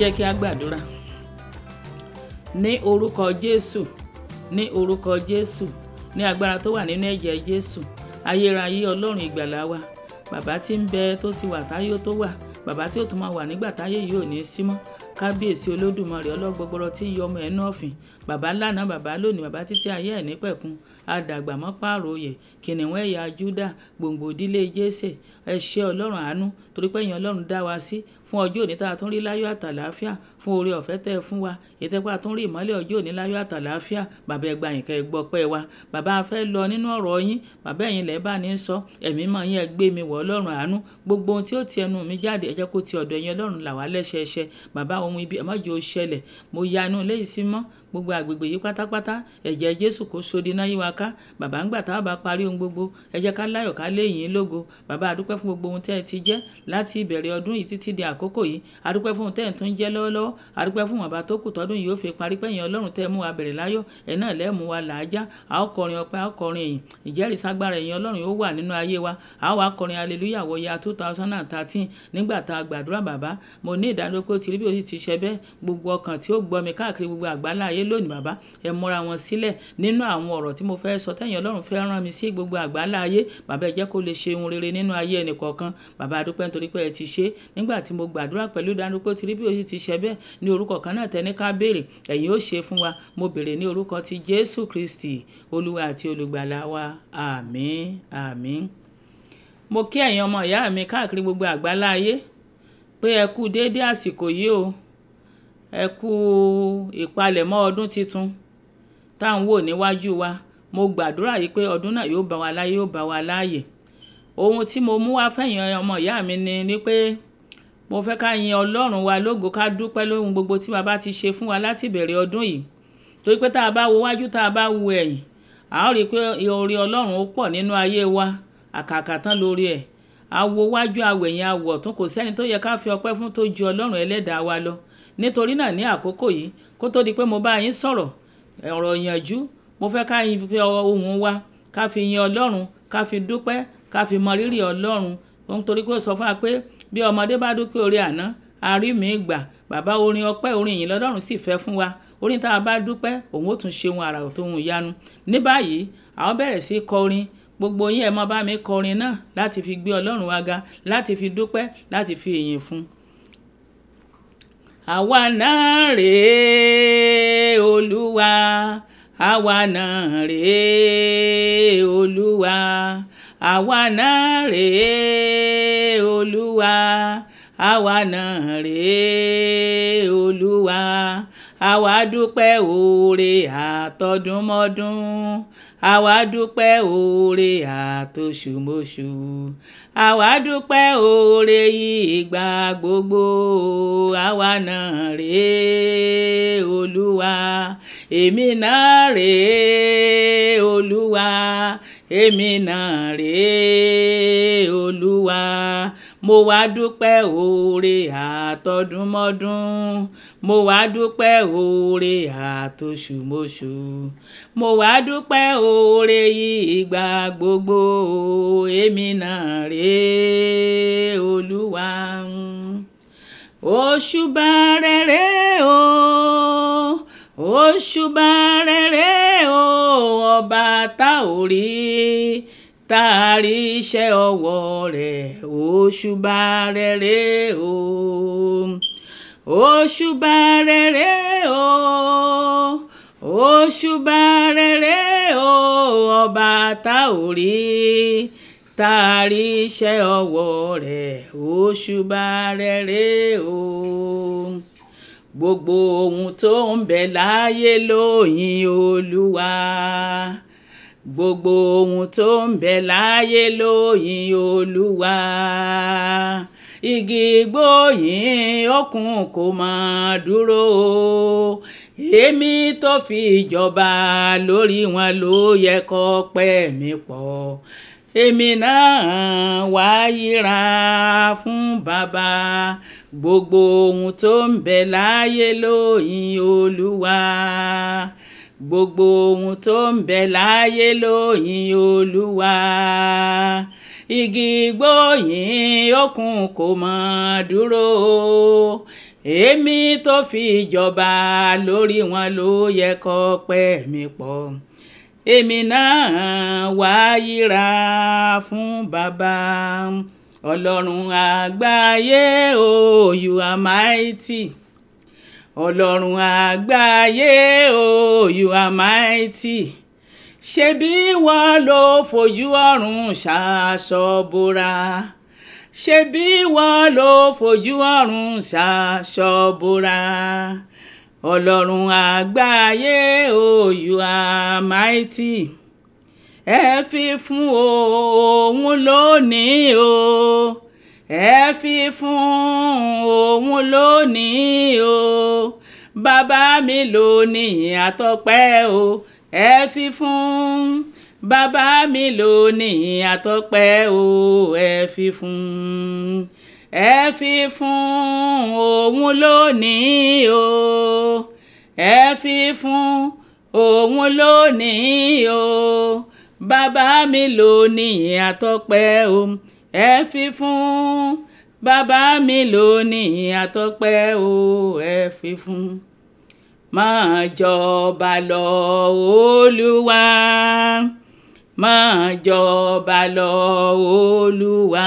jẹ́ kí a gbàdúrà ní orúkọ jésù ní orúkọ jésù ní agbára tó wà nínú ẹ̀jẹ̀ jésù ayérayé ọlọ́run ìgbàlà wa bàbá tí ń bẹ tó ti wà táyé tó wà bàbá tí ó tún máa wà nígbà táyé yìí ò ní í símọ́ kábíyèsí olódùmarè ọlọ́gbọgbọrọ tí yọ ọmọ ẹnu ọ̀fìn bàbá lánàá bàbá lónìí bàbá títí ayé ẹ̀ nípẹ̀kun àdàgbà mọ́ pààrọ̀ òye kìnìún ẹ̀yà júdà gbòǹgbò ìdílé jésè ẹ ọlọ́run àánú torí ọlọ́run dá wa sí fún ọjọ́ òní tá a tún rí láyọ̀ àtàlàáfíà fún oore ọ̀fẹ́ tẹ́ ẹ fún wa ìtẹ́pá tó ń rí ìmọ́lẹ̀ ọjọ́ òní láyọ̀ àtàlàáfíà bàbá ẹgbà yín kẹ́ ẹ gbọ́ pẹ́ wa bàbá afẹ́ lọ nínú ọ̀rọ̀ yín bàbá ẹ̀yin lẹ́ bá ní sọ ẹ̀mí mọ̀ yín ẹ gbé mi wọ̀ ọlọ́run àánú gbogbo ohun tí ó ti ẹnu mi jáde ẹ jẹ́ kó ti ọ̀dọ̀ ẹ̀yin ọlọ́run là wá lẹ́sẹẹsẹ bàbá ohun ibi ẹ̀mọ́jọ́ ṣẹlẹ̀ mo yanu léyìí sí mọ́ gbogbo àgbègbè yìí pátápátá ẹ̀jẹ̀ jésù kò sódi náà yíwa ká bàbá ń gbà tá a bá parí ohun gbogbo ẹ jẹ́ ká láyọ̀ ká léyìn lógo bàbá àdúpẹ́ fún gbogbo ohun tẹ́ ẹ ti jẹ́ láti ìbẹ̀rẹ̀ ọdún yìí títí di àkókò yìí àdúpẹ́ fún ohun tẹ́ ẹ tún jẹ́ lọ́wọ́lọ́wọ́ àdúpẹ́ fún ìwọ̀nba tó kù tọ́d tọdún yìí ó fi parí pẹ́yìn ọlọ́run tẹ́ mú wa bẹ̀rẹ̀ láyọ̀ ẹ̀ náà lẹ́ mú wa làájá a ó kọrin ọpẹ́ a ó kọrin ẹ̀yìn ìjẹ́rìísí agbára ẹ̀yìn ọlọ́run ó wà nínú ayé wa a ó wá kọrin hallelujah wọya two thousand and thirteen nígbà tá a gbàdúrà bàbá mo ní ìdánilójú pé ó ti rí bí ó sì ti ṣe bẹ́ẹ̀ gbogbo ọkàn tí ó gbọ́ mi káàkiri gbogbo àgbálá ayé lónìí bàbá ẹ múra wọn sílẹ̀ nínú àwọn ọ̀rọ̀ tí mo fẹ́ sọ tẹ́yìn ọlọ́run fẹ́ rán mi sí gbogbo àgbálá ayé bàbá ẹ jẹ́ kó lè ṣe ohun rere nínú ayé ẹnì kọ̀ọ̀kan bàbá adúpẹ́ nítorí pé ẹ ti ṣe nígbà tí mo gbàdúrà pẹ̀lú ìdánilójú pé ó ti rí bí ó ti ṣe bẹ́ẹ̀ ní orúkọ kan náà tẹ́ ní ká béèrè ẹ̀yin ó ṣe fún wa mo béèrè ní orúkọ ti jésù kristi olúwa àti olùgbàlà wa àmín àmín mo kí ẹ̀yin ọmọ ìyá mi káàkiri gbogbo àgbálá ayé pé ẹ kú déédé àsìkò yìí o ẹ kú ìpalẹ̀mọ́ ọdún tuntun tá à ń wò níwájú wa mo gbàdúrà yìí pé ọdún náà yóò bá wa láyé yóò bá wa láàyè ohun tí mo mú wá fẹ̀yìn ọmọ ìyá mi ni ni pé mo fẹ́ ká yin ọlọ́run wa lógo ká dúpẹ́ lóhun gbogbo tí bàbá ti ṣe fún wa láti ìbẹ̀rẹ̀ ọdún yìí torí pé tá a bá wo wájú tá a bá wo ẹ̀yìn a ó rí i pé oore ọlọ́run ó pọ̀ nínú ayé wa àkàkà tán lórí ẹ̀ a wo wájú àwẹ̀yìn awọ̀ tún kò sẹ́ni tó yẹ ká fi ọpẹ́ fún tó ju ọlọ́run ẹlẹ́dàá wa lọ nítorí náà ní àkókò yìí kó tó di pé mo bá yín sọ̀rọ̀ ọ̀rọ̀ ìyànjú mo fẹ́ ká yin fi ohùn wa ká fi yin ọlọ́run ká fi dúpẹ́ ká fi mọ rírì ọlọ́run nítorí pé ó sọ fún wa pé bí ọmọdé bá dúpẹ́ orí àná àrí mi gbà bàbá orin ọpẹ́ orin yìí lọ́dọ́run sì fẹ́ fún wa orin tá a bá dúpẹ́ òun ó tún ṣe ohun àrà òtòhun ìyanu ní báyìí àwọn bẹ̀rẹ̀ sí kọ orin gbogbo yín ẹ mọ bá mi kọ orin náà láti fi gbé ọlọ́run wa ga láti fi dúpẹ́ láti fi èyìn fún àwa náà rèé olúwa àwa náà rèé olúwa àwa náà rèé olúwa àwa náà rèé olúwa àwa dúpẹ́ oore àtọdúnmọ́dún àwa dúpẹ́ oore àtoṣùmọ́ṣù àwa dúpẹ́ oore ìgbà gbogbo àwa náà rèé olúwa èmi náà rèé olúwa èmi náà rèé olúwa mo wá dúpẹ́ oore àtọdúnmọ́dún mo wá dúpẹ́ oore àtòṣùmọṣù mo wá dúpẹ́ oore ìgbà gbogbo èmi náà rèé olúwa òṣùbà rere o òṣùbà rere o ọba tá ò rí taari iṣẹ́ ọwọ́ rẹ̀ òṣùbà rere o òṣùbà rere o òṣùbà rere o ọba tá ò rí tá a rí iṣẹ́ ọwọ́ rẹ̀ òṣùbà rere o gbogbo ohun tó ń bẹ láyé ló yìn olúwa gbogbo ohun tó ń bẹ láyé ló olúwa igi gbóyìn okun kò máa dúró èmi tó fi ìjọba lórí wọn ló yẹ kó pẹ́ mi pọ̀ èmi náà wá yíra fún bàbá gbogbo ohun tó ń bẹ láyé lóyìn olúwa gbogbo ohun tó ń bẹ láyé lóyìn olúwa igi gbóyìn okun kò mọ̀ dúró èmi tó fi jọba lórí wọn ló yẹ kó pẹ́ mi pọ̀ èmi náà wá yíra fún bàbá ọlọ́run àgbáyé o oh, you are mighty ọlọ́run àgbáyé o oh, you are mighty ṣebí wàá ló fojú ọ̀run ṣaṣọ bora ṣebí wàá ló fojú ọ̀run ṣaṣọ bora àgbáyé o oh, you are mighty ẹ fi fún òun lónìí o ẹ fi fún òun lónìí o bàbá mi lónìí àtọ́pẹ́ o ẹ fi fún bàbá mi lónìí àtọ́pẹ́ o ẹ fi fún ẹ fi fún òun lónìí o ẹ fi fún òun lónìí o bàbá mi lónìí àtọ́pẹ́ o ẹ fi fún bàbá mi lónìí àtọ́pẹ́ o ẹ fi fún máa jọba lọ olúwa máa jọba lọ olúwa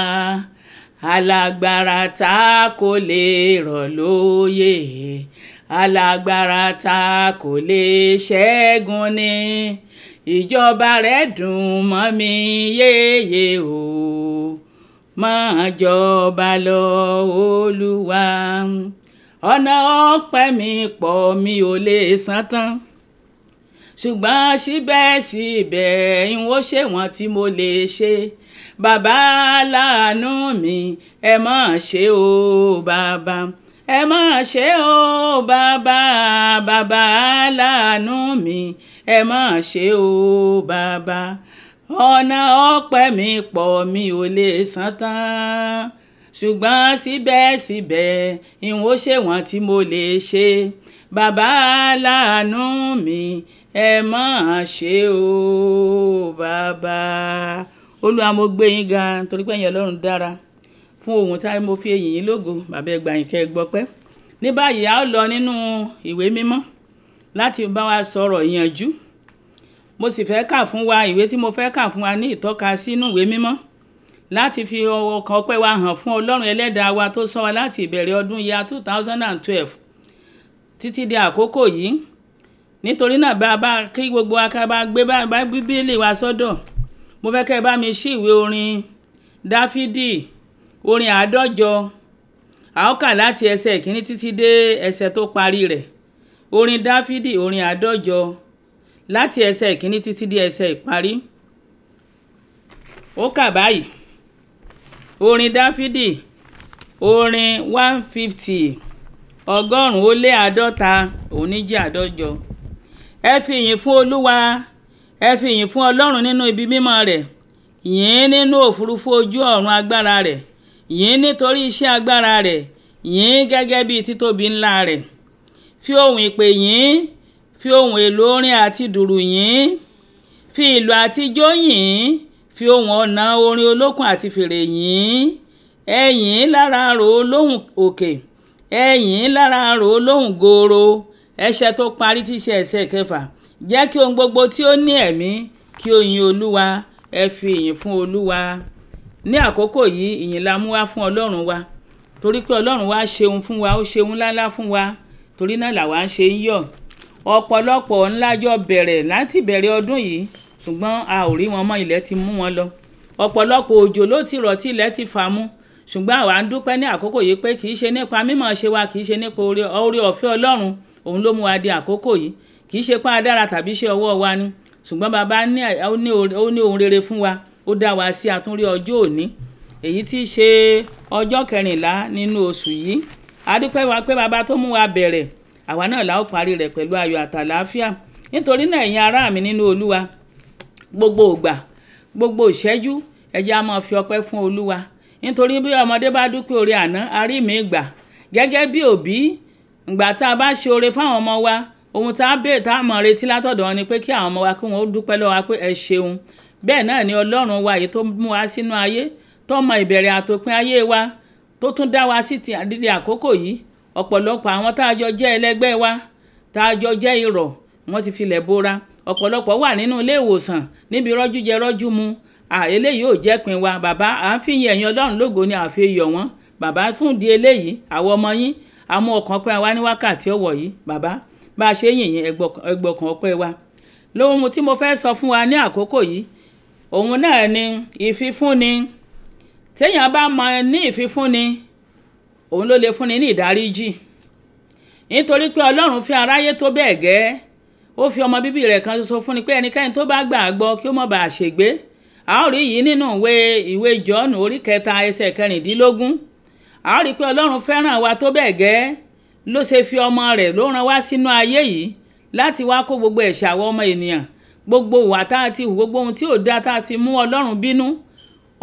alágbára tá kò lè rọ̀ lóyè alágbára tá kò lè ṣẹ́gun ni ìjọba rẹ̀ dùn mọ́ mi yéye o máa jọba lọ olúwa ọ̀nà ọ̀pẹ mi pọ̀ mi ò lè san tán ṣùgbọ́n síbẹ̀síbẹ̀ n ó ṣèwọ̀n tí mo lè ṣe bàbá láàánú mi ẹ má ṣe o bàbá ẹ má ṣe o bàbá bàbá láàánú mi ẹ má ṣe o bàbá ọ̀nà ọ̀pẹ mi pọ̀ mi ò lè san tán ṣùgbọ́n síbẹ̀síbẹ̀ ìwọ ṣe wọ́n tí mo lè ṣe bàbá láàánú mi ẹ mọ̀ ṣe o bàbá olúwa mo gbé yín ga torí pé ẹ̀yin ọlọ́run dára fún ohun tá mo fi èyìn yín lógo bàbá ẹgbà yín kẹ́ ẹ gbọ́ pẹ́ ní báyìí a ó lọ nínú ìwé mímọ́ láti bá wa sọ̀rọ̀ ìyànjú mo sì fẹ́ kà fún wa ìwé tí mo fẹ́ kà fún wa ní ìtọ́ka sínú ìwé mímọ́ láti fi ọkàn ọpẹ́ wa hàn fún ọlọ́run ẹlẹ́dàá wa tó sọ wa láti ìbẹ̀rẹ̀ ọdún ya two thousand and twelve títí di àkókò yìí nítorí náà bá a bá kí gbogbo akaba gbé bá bíbélì wa sọ́dọ̀ mo fẹ́ kẹ́ ẹ bá mi ṣí ìwé orin dáfídì orin àádọ́jọ a ó kà láti ẹsẹ̀ ìkíní títí dé ẹsẹ̀ tó parí rẹ̀ orin dáfídì orin àádọ́jọ láti ẹsẹ̀ ìkíní títí dé ẹsẹ̀ ìparí ó kà báyìí orin dáfídì orin one fifty ọgọ́rùn-ún ó lé àádọ́ta òun ní jẹ́ àádọ́jọ ẹ fi ìyìn fún olúwa ẹ fi ìyìn fún ọlọ́run nínú ibi mímọ́ rẹ̀ yìn nínú òfurufú ojú ọ̀run agbára rẹ̀ yìn nítorí iṣẹ́ agbára rẹ̀ yìn gẹ́gẹ́ bíi títóbi ńlá rẹ̀ fi ohùn ìpè yìn fi ohùn èlò orin àti dùrù yìn fi ìlù àtijọ́ yìn fi ohùn ọ̀nà orin olókùn àti fèrè yìn ẹ yìn lára ro olóhùn òkè ẹ yìn lára àrò olóhùn gooro ẹsẹ̀ tó parí tí í ṣe ẹsẹ̀ kẹfà jẹ́ kí ohun gbogbo tí ó ní ẹ̀mí kí ó yin olúwa ẹ fi ìyìn fún olúwa ní àkókò yìí ìyìn la mú wá fún ọlọ́run wa torí pé ọlọ́run wa ṣeun fún wa ó ṣeun ńláńlá fún wa torí náà làwa ń ṣe ń yọ̀ ọ̀pọ̀lọpọ̀ ńlájọ bẹ̀rẹ̀ láti bẹ̀rẹ̀ ọdún yìí ṣùgbọ́n a ò rí wọn mọ́ ilẹ̀ ti mú wọn lọ ọ̀pọ̀lọpọ̀ òjò ló ti rọ̀ tí ilẹ̀ ti fà mú ṣùgbọ́n àwa ń dúpẹ́ ní àkókò yìí pé kì í ṣe nípa mímọ̀ ṣe wa kì í ṣe nípa oore ọ̀fẹ́ ọlọ́run òun ló mú wa di àkókò yìí kì í ṣe pé dára tàbí ṣe ọwọ́ wa ni ṣùgbọ́n bàbá ó ní ohun rere fún wa ó dá wa sí àtúnrí ọjọ́ òní èyí tí ṣe ọjọ́ kẹrìnlá nínú oṣù yìí a wa pé bàbá tó mú wa bẹ̀rẹ̀ àwa náà la ó parí rẹ̀ pẹ̀lú ayọ̀ àtàlàáfíà nítorí náà ẹ̀yin ará mi nínú olúwa gbogbo ìgbà gbogbo ìṣẹ́jú ẹ jẹ́ á máa fi ọpẹ́ fún olúwa nítorí bí ọmọdé bá dúpẹ́ oore àná arí mi gbà gẹ́gẹ́ bí òbí ìgbà tá a bá ṣe oore fáwọn ọmọ wa ohun tá a béèrè tá a mọ̀ retí látọ̀dọ̀ ni pé kí àwọn ọmọ wa kí wọ́n dúpẹ́ lọ́wọ́ wa pé ẹ ṣeun bẹ́ẹ̀ náà ni ọlọ́run wa yìí tó mú wa sínú ayé tó mọ ìbẹ̀rẹ̀ àtòpin ayé wa tó tún dá wa sí ti àdídì àkókò yìí ọ̀pọ̀lọpọ̀ àwọn tá a jọ jẹ́ ẹlẹgbẹ́ wa tá a jọ jẹ́ irọ̀ wọ́n ti filẹ̀ bora ọ̀pọ̀lọpọ̀ wà nínú ilé ìwòsàn níbi rọ́jú jẹ rọ́jú mu eléyìí ò jẹ́ pin wa bàbá à ń fìyìn ẹ̀yìn ọlọ́run lógo ni àfihàn wọ́n bàbá fún di eléyìí àwọn ọmọ yín àmú ọkàn pẹ́ wa ní wákàtí ọ̀wọ̀ yìí bàbá bá a ṣe yìnyín ẹgbọ̀kàn ọpẹ́ wa lóhun tí mo fẹ́ sọ fún wa ní àkókò yìí òun náà ni ìfifúnni téèyàn bá mọ ní ìfifúnni òun ló lè fúnni ní ìdáríjì nítorí pé ọlọ́run fi aráyé tó bẹ́ẹ̀ gẹ́ẹ́ ó fi ọmọ bíbí rẹ̀ kan ṣoṣo fún ni pé ẹnikẹ́ni tó bá gbà á gbọ́ kí ó má bàa ṣègbé a ó rí yìí nínú ìwé ìwé jọ́ọ̀nù orí kẹta ẹsẹ̀ kẹrìndínlógún a ó rí pé ọlọ́run fẹ́ràn wa tó bẹ́ẹ̀ gẹ́ ló ṣe fi ọmọ rẹ̀ ló rán wá sínú ayé yìí láti wá kó gbogbo ẹ̀ṣẹ̀ àwọn ọmọ ènìyàn gbogbo ìwà tá a ti hù gbogbo ohun tí ò dáa tá a ti mú ọlọ́run bínú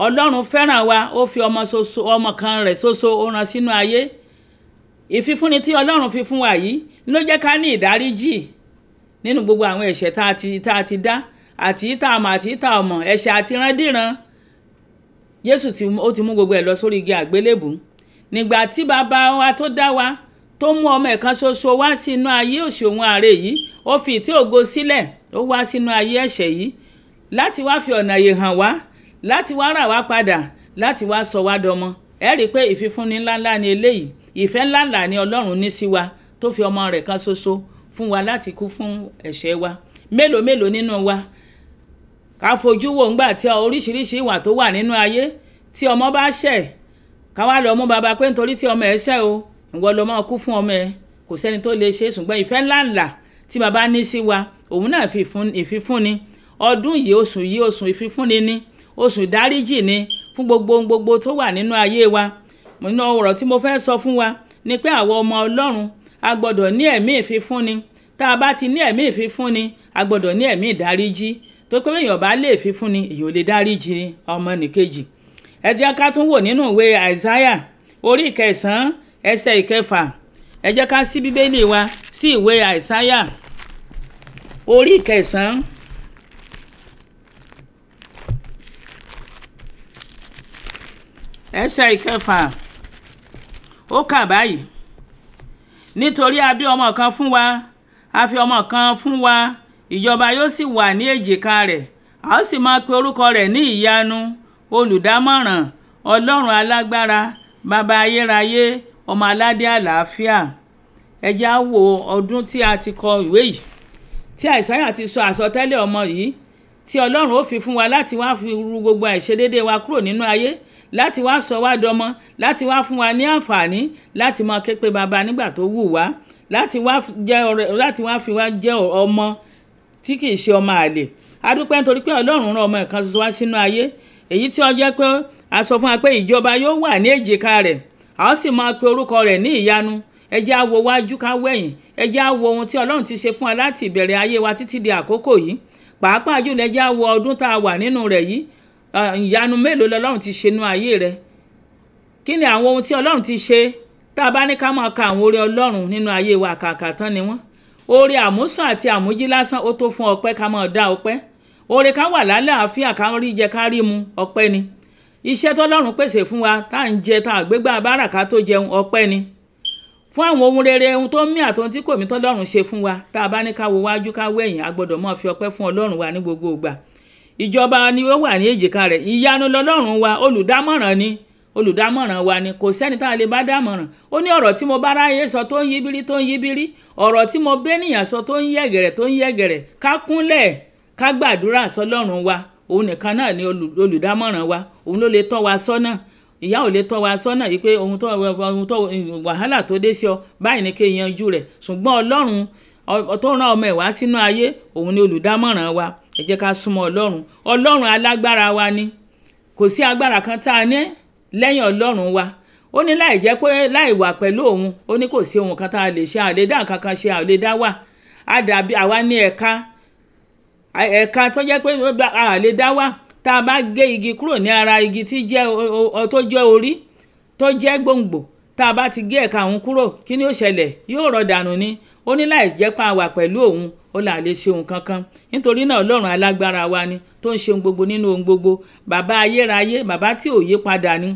ọlọ́run fẹ́ràn wa ó fi ọmọ ṣoṣo ọmọ kan rẹ̀ ṣoṣo ó rán sínú ayé ìfifúnni tí ọlọ́run fi fún wa yìí ló jẹ́ ká ní ìdáríjì nínú gbogbo àwọn ẹ̀ṣẹ̀ tá a ti tá a ti dá àti ìta àmọ̀ àti ìta ọmọ ẹ̀ṣẹ̀ àti randíran Jésù ti ó ti mú gbogbo ẹ̀ lọ sórí igi àgbélébù nígbà tí bàbá wa tó dá wa tó mú ọmọ ẹ̀kan ṣoṣo wá sínú ayé òṣòwò ààrẹ yìí ó fi ìtí ògo sílẹ̀ ó wá sínú ayé ẹ̀ṣẹ̀ yìí láti wá fi ọ̀nà yìí hàn wá láti wá rà wá padà láti wá sọ wá dọmọ ẹ rí i pé ìfifúnni ńláńlá ni eléyìí ìfẹ́ ńláńlá ni Ọlọ́run ní sí wa tó fi ọmọ rẹ̀ kan ṣoṣo fún wa láti kú fún ẹ̀ṣẹ̀ wa mélòó mélòó nínú wa ká fojú wò ńgbà tí oríṣiríṣi ìwà tó wà nínú ayé tí ọmọ bá ṣẹ̀ ká wá lọ mú baba pé nítorí tí ọmọ ẹ ṣẹ̀ o ìwọ ló máa kú fún ọmọ ẹ kò sẹ́ni tó lè ṣe é ṣùgbọ́n ìfẹ́ ńláńlá tí baba ní sí wa òun náà ìfifúnni ọdún yìí oṣù yìí oṣù ìfifúnni ni oṣù ìdáríjì ni fún gbogbo gbogbo tó wà nínú ayé wa nínú ọ̀rọ̀ tí mo fẹ́ sọ fún wa ni pé àwọn ọmọ Ọlọ́run a gbọ́dọ̀ ní ẹ̀mí ìfifúnni tá a bá ti ní ẹ̀mí ìfifúnni a gbọ́dọ̀ ní ẹ̀mí ìdáríjì tó pé èèyàn bá lè fifúnni èèyàn ò lè dáríjì ọmọnìkejì ẹ jẹ́ ká tún wò nínú ìwé Àìsáyà orí ìkẹsàn-án ẹsẹ̀ ìkẹfà ẹ jẹ́ ká sí bíbélì wa sí ìwé Àìsáyà orí ìkẹsàn-án ẹsẹ̀ ìkẹfà ó kà báyìí nítorí a bí ọmọ kan fún wa a fi ọmọ kan fún wa ìjọba yóò sì wà ní èjìká rẹ̀ a ó sì máa pe orúkọ rẹ̀ ní ìyanu olùdámọ̀ràn ọlọ́run alágbára bàbá ayérayé ọmọ aládé àlàáfíà ẹ jẹ́ á wo ọdún tí a ti kọ ìwé yìí tí àìsáyà ti sọ àsọtẹ́lẹ̀ ọmọ yìí tí ọlọ́run ó fi fún wa láti wá fi ru gbogbo àìṣedéédéé wa kúrò nínú ayé láti wá sọ wá dọmọ láti wá fún wa ní àǹfààní láti máa ké pe bàbá nígbà tó wù wá láti wá jẹ́ ọ̀rẹ́ láti wá fi wá jẹ́ ọmọ tí kì í ṣe ọmọ àlè adúpẹ́ nítorí pé ọlọ́run rán ọmọ ẹ̀kan ṣoṣo wá sínú ayé èyí tí ó jẹ́ pé a sọ fún wa pé ìjọba yóò wà ní èjìká rẹ̀ a ó sì máa pe orúkọ rẹ̀ ní ìyanu ẹ jẹ́ á wo wájú ká wẹ̀yìn ẹ jẹ́ ohun tí ọlọ́run ti ṣe fún wa láti ìbẹ̀rẹ̀ ayé wa títí di àkókò yìí pàápàá jùlọ ẹ jẹ́ ọdún tá a wà nínú rẹ̀ yìí Ah, ìyanu mélòó lọ́lọ́run ti ṣe nú ayé rẹ kí ni àwọn ohun tí ọlọ́run ti ṣe tá a bá ní ká máa ka àwọn oore ọlọ́run nínú ayé wa kàkà tán ni wọ́n oore àmúsùn àti àmújí lásán ó tó fún ọpẹ́ ká máa dá ọpẹ́ oore ká wà lálàáfíà ká rí jẹ ká rí mu ọpẹ́ ni iṣẹ́ tọ́lọ́run pèsè fún wa tá à ń jẹ tá à gbégbá bára ká tó jẹun ọpẹ́ ni fún àwọn ohun rere ohun tó ń mí àtọ́n tí kò mí tọ́lọ́run ṣe fún wa tá a bá ní ká wo wájú ká wẹ̀yìn a máa fi ọpẹ́ fún ọlọ́run wa ní gbogbo ìgbà ìjọba ni ó wà ní èjìká rẹ̀ ìyanu lọ́lọ́run wa olùdámọ̀ràn ni olùdámọ̀ràn wa ni kò sẹ́ni tá a lè bá dámọ̀ràn ó ní ọ̀rọ̀ tí mo bá ráyè sọ tó ń yíbírí tó ń yíbírí ọ̀rọ̀ tí mo bẹ́nìyàn sọ tó ń yẹ̀gẹ̀rẹ̀ tó ń yẹ̀gẹ̀rẹ̀ ká kúnlẹ̀ ká gbàdúrà sọlọ́run wa òun nìkan náà ni olùdámọ̀ràn wa òun ló lè tọ́ wa sọ́nà ìyá ò lè tọ́ wa sọ́nà yìí pé ohun tó ohun tó wàhálà tó dé sí ọ báyìí ni kí n yanjú rẹ̀ ṣùgbọ́n ọlọ́run tó rán ọmọ ẹ̀ wá sínú ayé òun ni olùdámọ̀ràn wa ẹ jẹ́ ká súnmọ́ ọlọ́run ọlọ́run alágbára wa ni kò sí agbára kan tá a ní lẹ́yìn ọlọ́run wa ó ní láì jẹ́ pé láì wà pẹ̀lú òun ó ní kò sí ohun kan tá a lè ṣe àlédá kankan ṣe àlédá wà á dàbí àwa ní ẹ̀ka ẹ̀ka tó jẹ́ pé àlédá wà tá a bá gé igi kúrò ní ara igi tó jẹ́ orí tó jẹ́ gbòǹgbò tá a bá ti gé ẹ̀ka òun kúrò kí ni ó ṣẹlẹ̀ yóò rọ̀ dànù ni ó ní láì jẹ́ pé a wà pẹ̀lú òun ó là lè ṣe ohun kankan nítorí náà ọlọ́run alágbára wa ni tó ń ṣe ohun gbogbo nínú ohun gbogbo bàbá ayérayé bàbá tí ò yí padà ni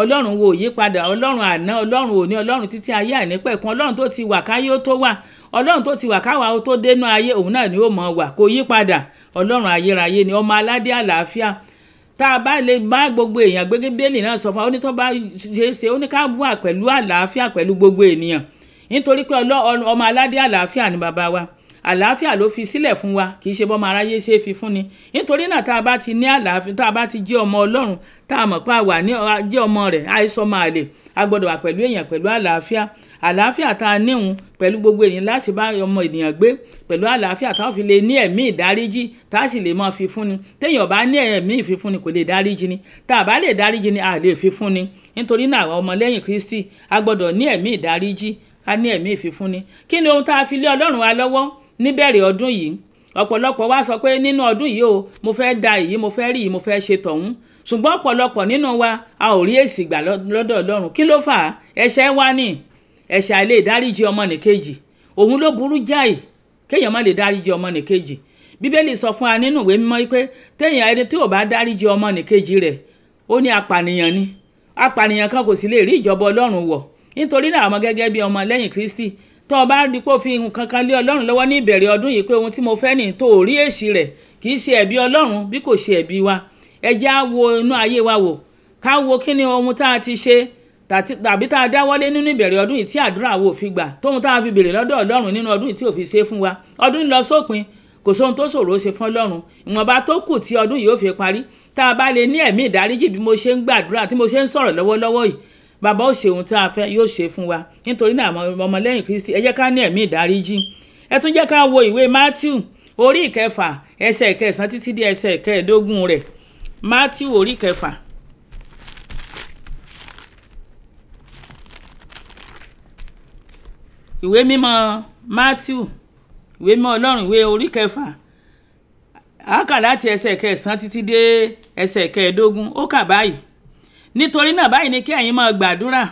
ọlọ́run wo yí padà ọlọ́run àná ọlọ́run òní ọlọ́run títí ayé àìnípẹ̀kun ọlọ́run tó ti wà káyé ó tó wà ọlọ́run tó ti wà káwa ó tó dénú ayé òun náà ni ó mọ̀ wà kó yí padà ọlọ́run ayérayé ni ọmọ aládé àlàáfíà tá a bá lè bá gbogbo èèyàn gbégé bẹ́ẹ̀lì náà sọ fún wa ó ní tó bá ṣe é ṣe ó ní ká wà pẹ̀lú àlàáfíà pẹ̀lú gbogbo ènìyàn nítorí pé ọmọ aládé àlàáfíà ni bàbá wa àlàáfíà ló fi sílẹ̀ fún wa kì í ṣe bọ́mọ aráyé ṣe é fi fún ni nítorí náà tá a bá ti ní àlàáfíà tá a bá ti jẹ́ ọmọ ọlọ́run tá a mọ̀ pé a wà ní jẹ́ ọmọ rẹ̀ àìsàn máa lè a gbọ́dọ̀ wà pẹ̀lú èèyàn pẹ̀lú àlàáfíà àlàáfíà tá a níhun pẹ̀lú gbogbo ènìyàn láti bá ọmọ ènìyàn gbé pẹ̀lú àlàáfíà tá a fi lè ní ẹ̀mí ìdáríjì tá a sì lè máa fi fún ni téèyàn bá ní ẹ̀mí ìfifúnni kò lè dáríjì ni tá a bá lè dáríjì ni a lè fi fún ni nítorí náà àwọn ọmọlẹ́yìn Kristi a gbọ́dọ̀ ní ẹ̀mí ìdáríjì a ní ẹ̀mí ìfifúnni kí ni ohun tá a fi lé Ọlọ́run wa lọ́wọ́ níbẹ̀rẹ̀ ọdún yìí ọ̀pọ̀lọpọ̀ wa sọ pé nínú ọdún yìí o mo fẹ́ da èyí mo fẹ́ rí èyí mo fẹ́ ṣe tọ̀hún ṣùgbọ́n ọ̀pọ̀lọpọ̀ nínú wa a ò rí èsì gbà lọ́dọ̀ ọlọ́run kí ló fà á ẹ̀ṣẹ̀ wa ni ẹ̀ṣẹ̀ àìlè dáríjì ọmọnìkejì òun ló burú jáì kéèyàn má lè dáríjì ọmọnìkejì bíbélì sọ fún wa nínú ìwé mímọ́ pé téèyàn ẹni tí ò bá dáríjì ọmọnìkejì rẹ̀ ó ní apànìyàn ni apànìyàn kan kò sì lè rí ìjọba ọlọ́run wọ̀ nítorí náà àwọn gẹ́gẹ́ bí ọmọ lẹ́yìn kristi tó o bá rí pé o nǹkan kan lé ọlọ́run lọ́wọ́ ní ìbẹ̀rẹ̀ ọdún yìí pé ohun tí mo fẹ́ ní tó rí èsì rẹ̀ kì í ṣe ẹ̀bi ọlọ́run bí kò ṣe ẹ̀bi wa ẹ á wo inú ayé wa wò ká wo kí ni ohun tá a ti ṣe tàbí tá a dáwọ́lé nínú ìbẹ̀rẹ̀ ọdún yìí tí àdúrà wo fi gbà tóhun tá a fi béèrè lọ́dọ̀ ọlọ́run nínú ọdún yìí tí ò fi ṣe fún wa ọdún lọ sópin kò sóhun tó ṣòro ṣe fún ọlọ́run ìwọ̀nba tó kù tí ọdún yìí ó fi parí tá a bá lè ní ẹ̀mí ìdáríjì bí mo ṣe ń gbàdúrà tí mo ṣe ń sọ̀rọ̀ lọ́wọ́lọ́wọ́ yìí bàbá ò ṣe ohun tá a fẹ́ yóò ṣe fún wa nítorí náà àwọn ọmọlẹ́yìn kristi ẹ jẹ́ ká ní ẹ̀mí ìdáríjì ẹ tún jẹ́ ká wo ìwé matthew orí ìkẹfà ẹsẹ̀ ìkẹsàn títí dé ẹsẹ̀ ìkẹẹ̀ẹ́dógún rẹ̀ matthew orí ìkẹfà ìwé mímọ́ matthew ìwé mímọ́ ọlọ́run ìwé orí kẹfà àákà láti ẹsẹ̀ kẹsàn títí dé ẹsẹ̀ kẹẹ̀ẹ́dógún ó kà báyìí nítorí náà báyìí ni kí ẹ̀yin máa gbàdúrà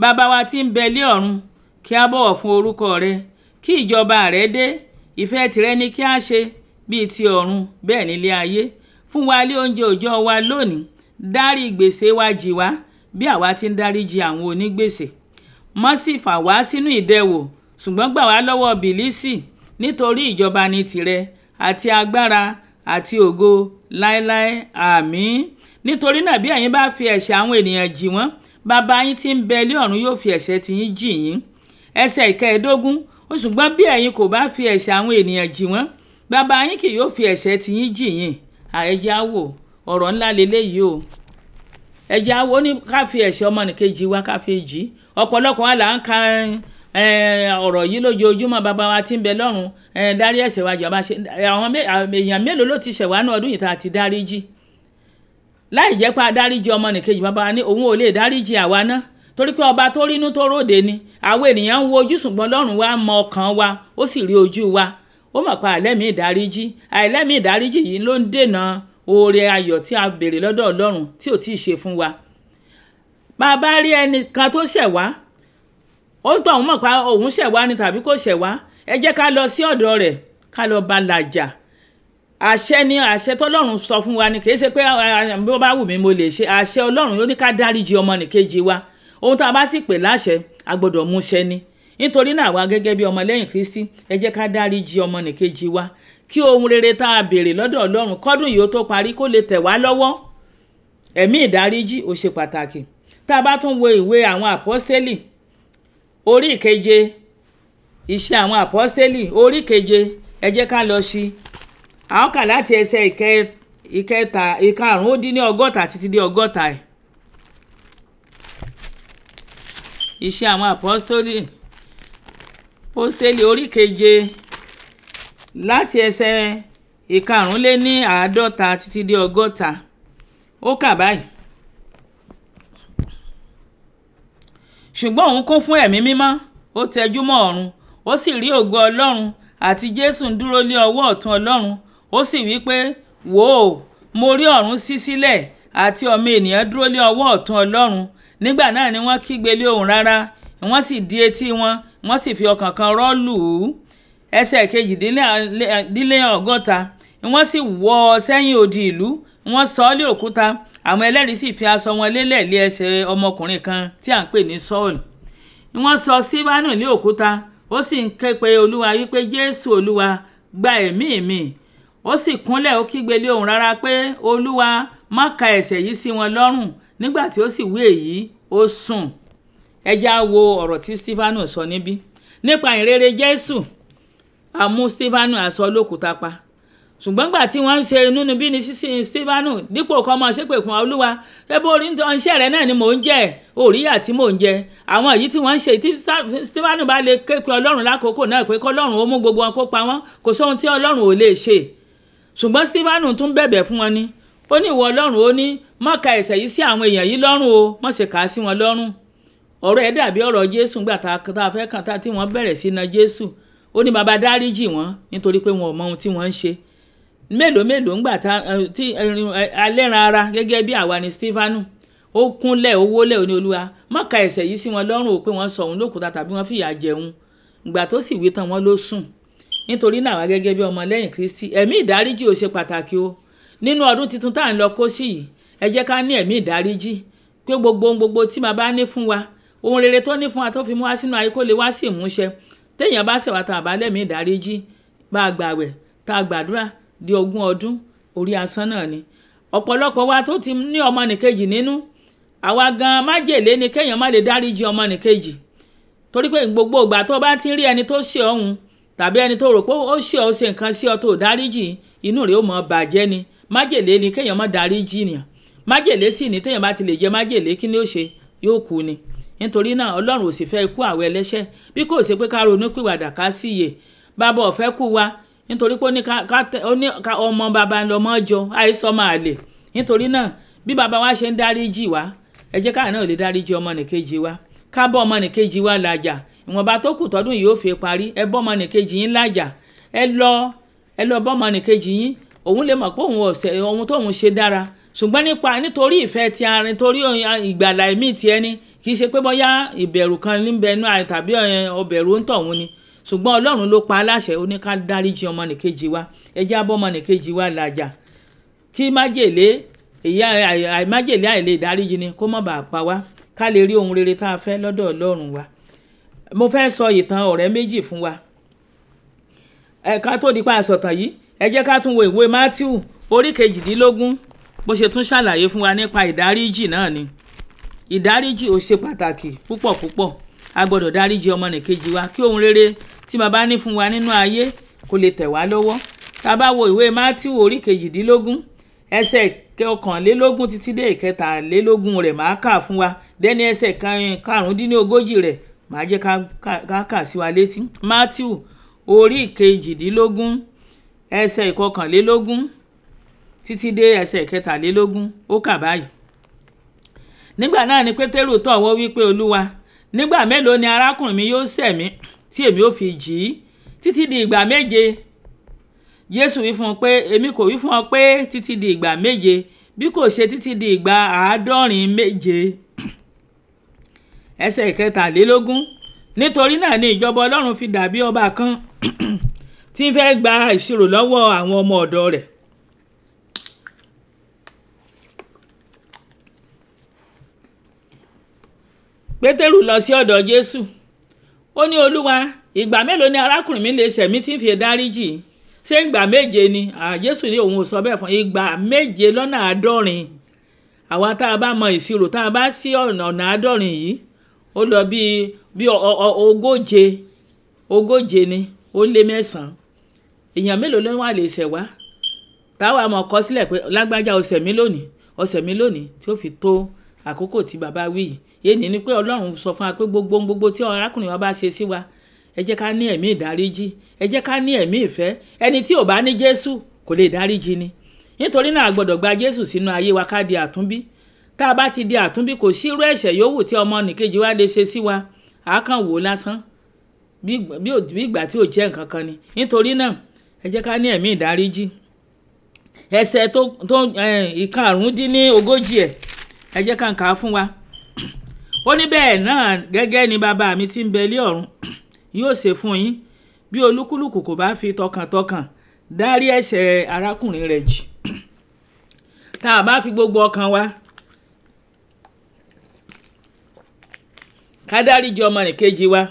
bàbá wa tí ń bẹ lé ọ̀run kí a bọ̀wọ̀ fún orúkọ rẹ kí ìjọba rẹ dé ìfẹ́ tìrẹ ni kí a ṣe bíi ti ọ̀run bẹ́ẹ̀ nílé ayé fún wa lé oúnjẹ òòjọ́ wa lónìí dárí gbèsè wa jì wá bí àwa ti ń dáríji àwọn onígbèsè má sì fà wá sínú ìdẹwò ṣùgbọ́n gbà wá lọ́wọ́ bìlísì nítorí ìjọba ni tìrẹ àti agbára àti ògo láéláé àmín nítorí náà bí ẹ̀yin bá fi ẹ̀ṣẹ̀ àwọn ènìyàn jì wọ́n bàbá yín tí ń bẹ ilé ọ̀run yóò fi ẹ̀ṣẹ̀ tiyín jì yín ẹsẹ̀ ìkẹẹ̀ẹ́dógún ó ṣùgbọ́n bí ẹ̀yin kò bá fi ẹ̀ṣẹ̀ àwọn ènìyàn jì wọ́n bàbá yín kì yóò fi ẹ̀ṣẹ̀ tiyín jì yín àẹjẹ àwò ọ̀rọ̀ ńlá leléyìí o ẹjẹ àwò ó ní ká fi ẹ̀ṣẹ̀ ọmọnìkejì wa ká fi jì ọ̀pọ̀lọpọ̀ wa là ń ka ọ̀rọ̀ yìí lójoojúmọ́ bàbá wa tí ń bẹ lọ́run dárí ẹ̀ṣẹ̀ wa àwọn èèyàn mélòó ló ti ṣẹ̀wá ní ọdún yìí tá a ti dárí jì láì jẹ́ pé adáríjì ọmọnìkejì bàbá wa ní òun ò lè dáríjì àwa náà torí pé ọba tó rínú tó ròde ni àwọn ènìyàn ń wo ojú ṣùgbọ́n Ọlọ́run wa mọ ọkàn wa ó sì rí ojú wa ó mọ̀ pa àìlẹ́mí ìdáríjì àìlẹ́mí ìdáríjì yìí ló ń dènà oore ayọ̀ tí a béèrè lọ́dọ̀ Ọlọ́run tí ò tí ì ṣe fún wa bá a bá rí ẹnìkan tó ṣẹ̀ wá ó ń tọ́ òun mọ̀ pa òun ṣẹ̀ wá ni tàbí kò ṣẹ̀ wá ẹ jẹ́ ká lọ sí ọ̀dọ̀ rẹ̀ ká lọ bá àṣẹ ni àṣẹ tọlọrun sọ fún wa ni kì í ṣe pé bí wọ́n bá wù mí mo lè ṣe àṣẹ ọlọ́run ló ní ká dáríji ọmọnìkejì wa ohun tá a bá sì pè láṣẹ a gbọ́dọ̀ mú ṣẹ ni nítorí náà àwa gẹ́gẹ́ bí ọmọlẹ́yìn kristi ẹ jẹ́ ká dáríji ọmọnìkejì wa kí ohun rere tá a béèrè lọ́dọ̀ ọlọ́run kọ́dún yìí ó tó parí kó lè tẹ̀ wá lọ́wọ́ ẹ̀mí ìdáríjì ó ṣe pàtàkì tá a bá tún wo ìwé àwọn àpọ́stélì orí ìkeje iṣẹ́ àwọn àpọ́stélì orí ìkeje ẹ jẹ́ ká lọ sí àwọn kà láti ẹsẹ̀ ìkẹta ìkarùn-ún ó dín ní ọgọ́ta títí dé ọgọ́ta ẹ̀ iṣẹ́ àwọn àpọ́stólì póstélì orí keje láti ẹsẹ̀ ìkarùn-ún lé ní àádọ́ta títí dé ọgọ́ta ó kà báyìí ṣùgbọ́n òun kún fún ẹ̀mí mímọ́ ó tẹjú mọ́ ọ̀run ó sì rí ògo ọlọ́run àti jésù ń dúró lé ọwọ́ ọ̀tún ọlọ́run ó sì wí pé wò ó mo rí ọ̀run ṣí sílẹ̀ àti ọmọ ènìyàn dúró lé ọwọ́ ọ̀tún ọlọ́run nígbà náà ni wọ́n kígbe lé òun rárá wọ́n sì di etí wọn wọ́n sì fi ọkàn kan rọ́ lù ú ẹsẹ̀ kejìdínlẹ̀ ọgọ́ta wọ́n sì wọ́ ọ sẹ́yìn odi ìlú wọ́n sọ ọ́ lé òkúta àwọn ẹlẹ́rìí sì fi aṣọ wọn lélẹ̀ lé ẹsẹ̀ ọmọkùnrin kan tí à ń pè ní Sọ́ọ̀lù wọ́n sọ Sífánù lé òkúta ó sì ń ké pe olúwa wípé Jésù olúwa gba ẹ̀mí mi ó sì kúnlẹ̀ ó kígbe lé òun rárá pé olúwa má ka ẹ̀ṣẹ̀ yìí sí wọn lọ́rùn nígbà tí ó sì wí èyí ó sùn ẹ já wo ọ̀rọ̀ tí stefano sọ níbí nípa ìrere jésù àmú stefano àsọ lókùúta pa ṣùgbọ́n gbà tí wọ́n ń ṣe inú níbí ni sísè stefano dípò kan mọ̀ ṣépè fún olúwa ṣé bó orí iṣẹ́ rẹ náà ni mò ń jẹ òríyà tí mò ń jẹ àwọn èyí tí wọ́n ń ṣe tí stefano bá lè ké pe ọlọ́run lákòókò náà pé kọ́lọ́run ó mú gbogbo wọn kó pa wọ́n kò sóhun tí ọlọ́run ò lè ṣe ṣùgbọ́n stephen tún bẹ̀bẹ̀ fún wọn ni ó ní ìwọ ọlọ́run ó ní má ka ẹ̀ṣẹ̀ yìí sí àwọn èèyàn yìí lọ́rùn o má ṣe kà á sí wọn lọ́rùn ọ̀rọ̀ ẹ̀ dàbí ọ̀rọ̀ jésù gbà tá a fẹ́ kàn tá tí wọ́n bẹ̀rẹ̀ sí na jésù ó ní baba dáríjì wọ́n nítorí pé wọn ò mọ ohun tí wọ́n ń ṣe mélòó mélòó ńgbà tá alẹ́ran ara gẹ́gẹ́ bí àwa ni stephen ó kúnlẹ̀ ó wólẹ̀ ó ní olúwa má ka ẹ̀ṣẹ̀ yìí sí wọn lọ́rùn o pé wọ́n sọ òun lókùúta tàbí wọ́n fìyà jẹun ìgbà tó sì wí tán wọ́n ló sùn nítorí náà àwa gẹ́gẹ́ bí ọmọlẹ́yìn kristi ẹ̀mí ìdáríjì ò ṣe pàtàkì o nínú ọdún tuntun tá à ń lọ kó sí yìí ẹ jẹ́ ká ní ẹ̀mí ìdáríjì pé gbogbo ohun gbogbo tí bàbá ní fún wa ohun rere tó ní fún wa tó fi mú wá sínú ayé kó lè wá sí ìmúṣẹ téèyàn bá ṣẹ̀wá tá àbá lẹ́mí ìdáríjì bá a gbàwẹ̀ tá a gbàdúrà di ogún ọdún orí asán náà ni ọ̀pọ̀lọpọ̀ wa tó ti ní ọmọnìkejì nínú àwa gan májèlé ni kéèyàn má lè dáríjì ọmọnìkejì torí pé gbogbo ìgbà tó bá ti rí ẹni tó ṣe ọ̀hún tàbí ẹni tó rò pé ó ṣe ọ ṣe nǹkan sí ọ tó dáríjì inú rẹ̀ ó mọ bàjẹ́ ni májèlé ni kéèyàn má dáríjì nìyàn májèlé sì ni téèyàn bá ti lè jẹ májèlé kí ni ó ṣe yóò kú ni nítorí náà ọlọ́run ò sì fẹ́ ikú àwọn ẹlẹ́ṣẹ̀ bí kò ṣe pé ká ronú pìwàdà ká síyè bàbá ọ̀fẹ́ kú wa nítorí pé ọmọ bàbá lọmọ jọ àìsàn máa lè nítorí náà bí bàbá wa ṣe ń dáríjì wa ẹ jẹ́ káà náà lè dáríjì ọmọnìkejì wa ká bọ́ ọmọnìkejì wa làjà ìwọ̀nba tó kù tọdún yìí ó fi parí ẹ bọ́ ọmọnìkejì yín lájà ẹ lọ ẹ lọ bọ́ ọmọnìkejì yín òun lè mọ̀ pé òun ọ̀sẹ̀ ohun tóun ṣe dára ṣùgbọ́n nípa nítorí ìfẹ́ ti arin torí ìgbàlà ẹ̀mí ti ẹni kì í ṣe pé bóyá ìbẹ̀rù kan níbẹ̀ inú àyè tàbí ọbẹ̀rù ń tọ̀hún ni ṣùgbọ́n ọlọ́run ló pa aláṣẹ oníká dáríjì ọmọnìkejì wa ẹjẹ́ abọ́ ọmọnìkejì wa làjà kí májèlé èyí àìmájèlé àìlè dáríjì ni kó má bàa pa wá ká lè rí ohun rere tá a fẹ́ lọ́dọ̀ ọlọ́run wa mo fẹ́ sọ ìtàn ọ̀rẹ́ méjì fún wa ẹ̀ka tó di pa àsọ̀tàn yìí ẹ jẹ́ ká tún wo ìwé Mátíù orí kejìdínlógún bó ṣe tún ṣàlàyé fún wa nípa ìdáríjì náà ni ìdáríjì ó ṣe pàtàkì púpọ̀ púpọ̀ a gbọ́dọ̀ dáríjì ọmọnìkejì wa kí ohun rere tí bàbá ní fún wa nínú ayé kó lè tẹ̀ wá lọ́wọ́ tá a bá wo ìwé Mátíù orí kejìdínlógún ẹsẹ̀ kọkànlélógún títí dé ìkẹtàlélógún rẹ̀ máa kà fún wa dẹ́ni ẹsẹ̀ karùndínlógójì rẹ̀ màá jẹ́ ká kà sí wa létí Matthew orí ìkejìdínlógún ẹsẹ̀ ìkọkànlélógún títí dé ẹsẹ̀ ìkẹtàlélógún ó kà báyìí nígbà náà ni Pétérù tọ̀wọ́ wípé Olúwa nígbà mélòó ni arákùnrin mi yóò ṣẹ̀mí tí èmi ò fi jì í títí di ìgbà méje Jésù wí fún un pé èmi kò wí fún ọ pé títí di ìgbà méje bí kò ṣe títí di ìgbà àádọ́rin méje ẹsẹ̀ kẹtàlélógún nítorí náà ni ìjọba ọlọ́run fi dàbí ọba kan tí ń fẹ́ gba ìṣirò lọ́wọ́ àwọn ọmọ ọ̀dọ̀ rẹ̀ pétérù lọ sí ọ̀dọ̀ jésù ó ní olúwa ìgbà mélòó ni arákùnrin mi lè ṣẹ̀mí tí ń fi dáríjì ṣé ìgbà méje ni jésù ní òun ò sọ bẹ́ẹ̀ fún ìgbà méje lọ́nà àádọ́rin àwa tá a bá mọ ìṣirò tá a bá sí ọ̀nà àádọ́rin yìí ó lọ bíi bíi ogóje ogóje ni ó lé mẹ́sàn-án èèyàn mélòó ló wà lè ṣẹ̀ wá táwa mọ̀ kọ sílẹ̀ pé lágbájá ọ̀sẹ̀ mi lónìí ọ̀sẹ̀ mi lónìí tí ó fi tó àkókò tí bàbá wí yìí yéèní ni pé ọlọ́run sọ fún wa pé gbogbo gbogbo tí arákùnrin wa bá ṣe sí wa ẹ jẹ́ ká ní ẹ̀mí ìdáríjì ẹ jẹ́ ká ní ẹ̀mí ìfẹ́ ẹni tí ò bá ní jésù kò lè dáríjì ni nítorí náà àgbọ̀dọ̀ gba jésù sínú ayé wa ká di àtúnbí tá a bá ti di àtúnbí kò sí irú ẹ̀ṣẹ̀ yòówù tí ọmọ nìkejì wa lè ṣe sí wa à kàn wò lásán bí ìgbà tí ò jẹ́ nǹkan kan ni nítorí náà ẹ jẹ́ ká ní ẹ̀mí ìdáríjì ẹsẹ̀ tó ìkarùn-ún dín ní ogójì ẹ̀ ẹ jẹ́ ká ń kà á fún wa ó ní bẹ́ẹ̀ náà gẹ́gẹ́ ni bàbá mi ti ń bẹ ilé ọ̀run yóò ṣe fún yín bí olúkúlùkù kò bá fi tọkàntọkàn dárí ẹ̀ṣẹ̀ arákùnrin rẹ̀ jì tá a bá fi gbogbo ọkàn wa ká dáríjì ọmọnìkejì wa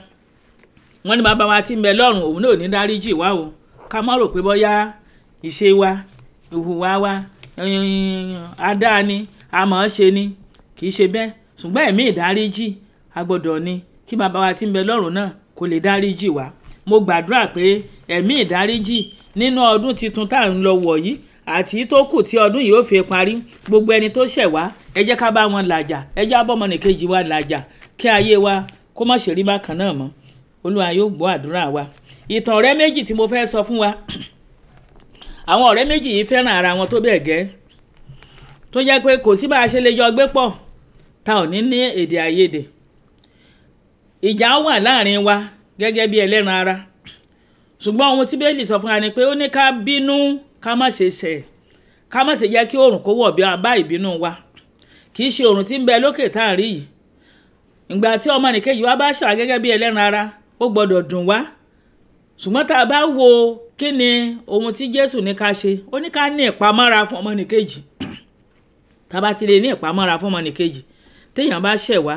wọ́n ní bàbá wa ti ń bẹ lọ́run òun náà ní dáríjì wa o ká má rò pé bóyá ìṣe wa ìhùwà wa àdáa ni àmọ́ ṣe ni kì í ṣe bẹ́ẹ̀ ṣùgbọ́n ẹ̀mí ìdáríjì agbọ́dọ̀ ni kí bàbá wa ti ń bẹ lọ́run náà kó lè dáríjì wa mo gbàdúrà pé ẹ̀mí ìdáríjì nínú ọdún tuntun tá à ń lọ wọ̀ yìí àti tó kù tí ọdún yìí ó fi parí gbogbo ẹni tó ṣẹ̀ wá ẹ jẹ́ ká bá wọn làjà ẹ jẹ́ abọ́mọnìkejì wa làjà kí ayé wa kó má ṣe rí bákan náà mọ́ olúwa yóò gbọ́ àdúrà wa ìtàn ọrẹ méjì tí mo fẹ sọ fún wa àwọn ọrẹ méjì yìí fẹ́ràn ara wọn tó bẹ́ẹ̀ gẹ́ tó jẹ́ pé kò sí bá a ṣe lè jọ gbé pọ̀ ta ò ní ní èdè àìyedè ìjà wà láàrin wa gẹ́gẹ́ bí ẹlẹ́ran ara ṣùgbọ́n ohun tí bẹ́ẹ̀lì sọ fún wa ni pé ó ní ká bínú ká má ṣe ṣẹ̀ ká má ṣe jẹ́ kí oòrùn kó wọ̀ bí abá ìbínú wa kì í ṣe oòrùn tí ń bẹ lókè tá à ń rí yìí ìgbà tí ọmọnìkejì wa bá ṣàwá gẹ́gẹ́ bí ẹlẹ́ran ara ó gbọ́dọ̀ dùn wá ṣùgbọ́n tá a bá wo kí ni ohun tí Jésù ní ká ṣe ó ní ká ní ìpamọ́ra fún ọmọnìkejì tá a bá ti lè ní ìpamọ́ra fún ọmọnìkejì téèyàn bá ṣẹ̀ wá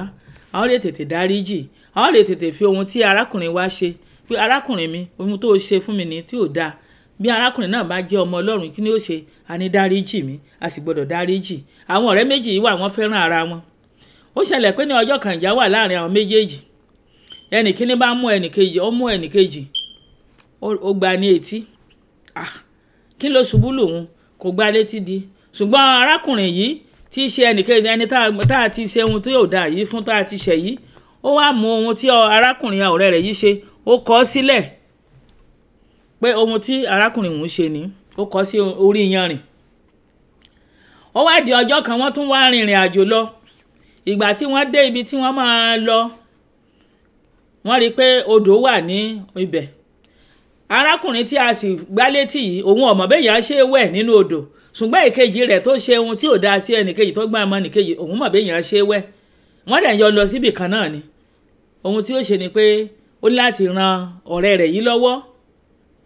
àwọn lè tètè dáríjì àwọn lè tètè fi ohun tí arákùnrin wa ṣe pé arákùnrin mi ohun tó ṣe fún mi ní tí ò dáa bí arákùnrin náà bá jẹ́ ọmọ Ọlọ́run kí ni ó ṣe àní dáríjì mi a sì gbọ́dọ̀ dáríjì àwọn ọ̀rẹ́ méjì yìí wà wọ́n fẹ́ràn ara wọn ó ṣẹlẹ̀ pé ní ọjọ́ kan ìjà wà láàrin àwọn méjèèjì ẹnìkíní bá mú ẹnìkejì ó mú ẹnìkejì ó gba ní etí ah, kí ló ṣubú lòun kò gba létí di ṣùgbọ́n arákùnrin yìí tí í ṣe ẹnìkejì ẹni tá a ti ṣe ohun tí yóò dà yìí fún tá a ti ṣe yìí ó wá mú ohun tí arákùnrin ọ̀rẹ́ rẹ̀ yìí ṣe ó kọ sílẹ̀ pé ohun tí arákùnrin òun ṣe ni ó kọ sí orí yanrìn ó wá di ọjọ́ kan wọ́n tún wá rìnrìn àjò lọ ìgbà tí wọ́n dé ibi tí wọ́n máa lọ wọ́n rí i pé odò wà ní ibẹ̀ arákùnrin tí a sì gbá létí yìí òun ọ̀mọ̀ bẹ́yà ṣe wẹ̀ nínú odò ṣùgbọ́n èkejì rẹ̀ tó ṣe ohun tí ò dáa sí ẹnìkejì tó gbá ọmọ nìkejì òun mọ̀ bẹ́yà ṣe wẹ̀ wọ́n dẹ̀ yọ lọ síbì kan náà ni ohun tí ó ṣe ni pé ó ní láti ran ọ̀rẹ́ rẹ̀ yìí lọ́wọ́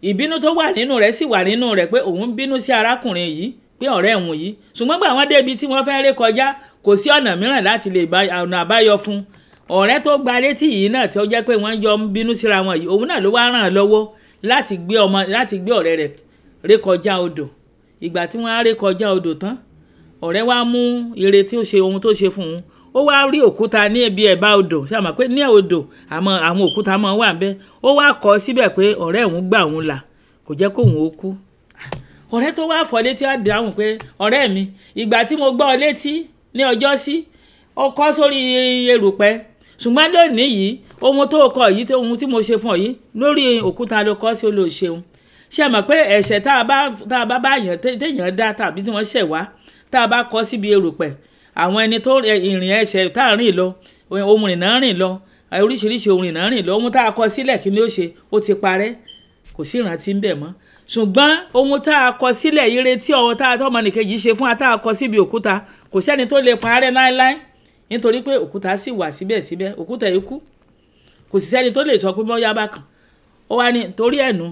ìbínú tó wà nínú rẹ̀ sì wà nínú rẹ̀ pé òun bínú sí arákùnrin yìí pé ọ̀rẹ́ òun yìí ṣùgbọ́n gbà wọ́n débi tí wọ́n fẹ́ ré kò sí ọ̀nà mìíràn láti lè bá ọ̀nà àbáyọ fún ọ̀rẹ́ tó gba létí yìí náà tí ó jẹ́ pé wọ́n jọ ń bínú síra wọn yìí òun náà ló wá ràn án lọ́wọ́ láti gbé ọmọ láti gbé ọ̀rẹ́ rẹ̀ rékọjá odò ìgbà tí wọ́n á rékọjá odò tán ọ̀rẹ́ wa mú ire tí ó ṣe ohun tó ṣe fún un ó wá rí òkúta ní ibi ẹ̀bá odò ṣàmà pé ní odò àmọ́ àwọn òkúta máa wà bẹ́ẹ̀ ó wá kọ síbẹ̀ pé ọ̀rẹ́ òun gbà òun là kò jẹ́ kóun ó kú ọ̀rẹ́ tó wá fọ létí á pé ọ̀rẹ́ mi ìgbà tí mo gbọ́ ọ létí ní ọjọ́ sí ó kọ sórí erùpẹ̀ ṣùgbọ́n lónìí yìí ohun tó kọ yìí tó ohun tí mo ṣe fún ọ yìí lórí òkúta ló kọ sí olóṣèun ṣe mọ̀ pé ẹ̀ṣẹ̀ tá a bá bá yàn téèyàn dá tàbí tí wọ́n ṣẹ̀ wá tá a bá kọ síbi erùpẹ̀ àwọn ẹni tó ìrìn ẹ̀ṣẹ̀ tá a rìn lọ ohun ìrìnà rìn lọ oríṣiríṣi ohun ìrìnà rìn lọ ohun tá a kọ sílẹ̀ kí ni ó ṣe ó ti parẹ́ kò sí ìrántí ń bẹ̀ mọ́ ṣùgbọ́n ohun tá a kọ sílẹ̀ ire tí ọ̀hún tá a tọ́mọ nìkejì ṣe fún wa tá a kọ síbi òkúta kò sẹ́ni tó lè parẹ́ láéláé nítorí pé òkúta sì wà síbẹ̀síbẹ̀ òkúta ikú kò sì sẹ́ni tó lè sọ pé bóyá bá kàn ó wá ní torí ẹ̀nu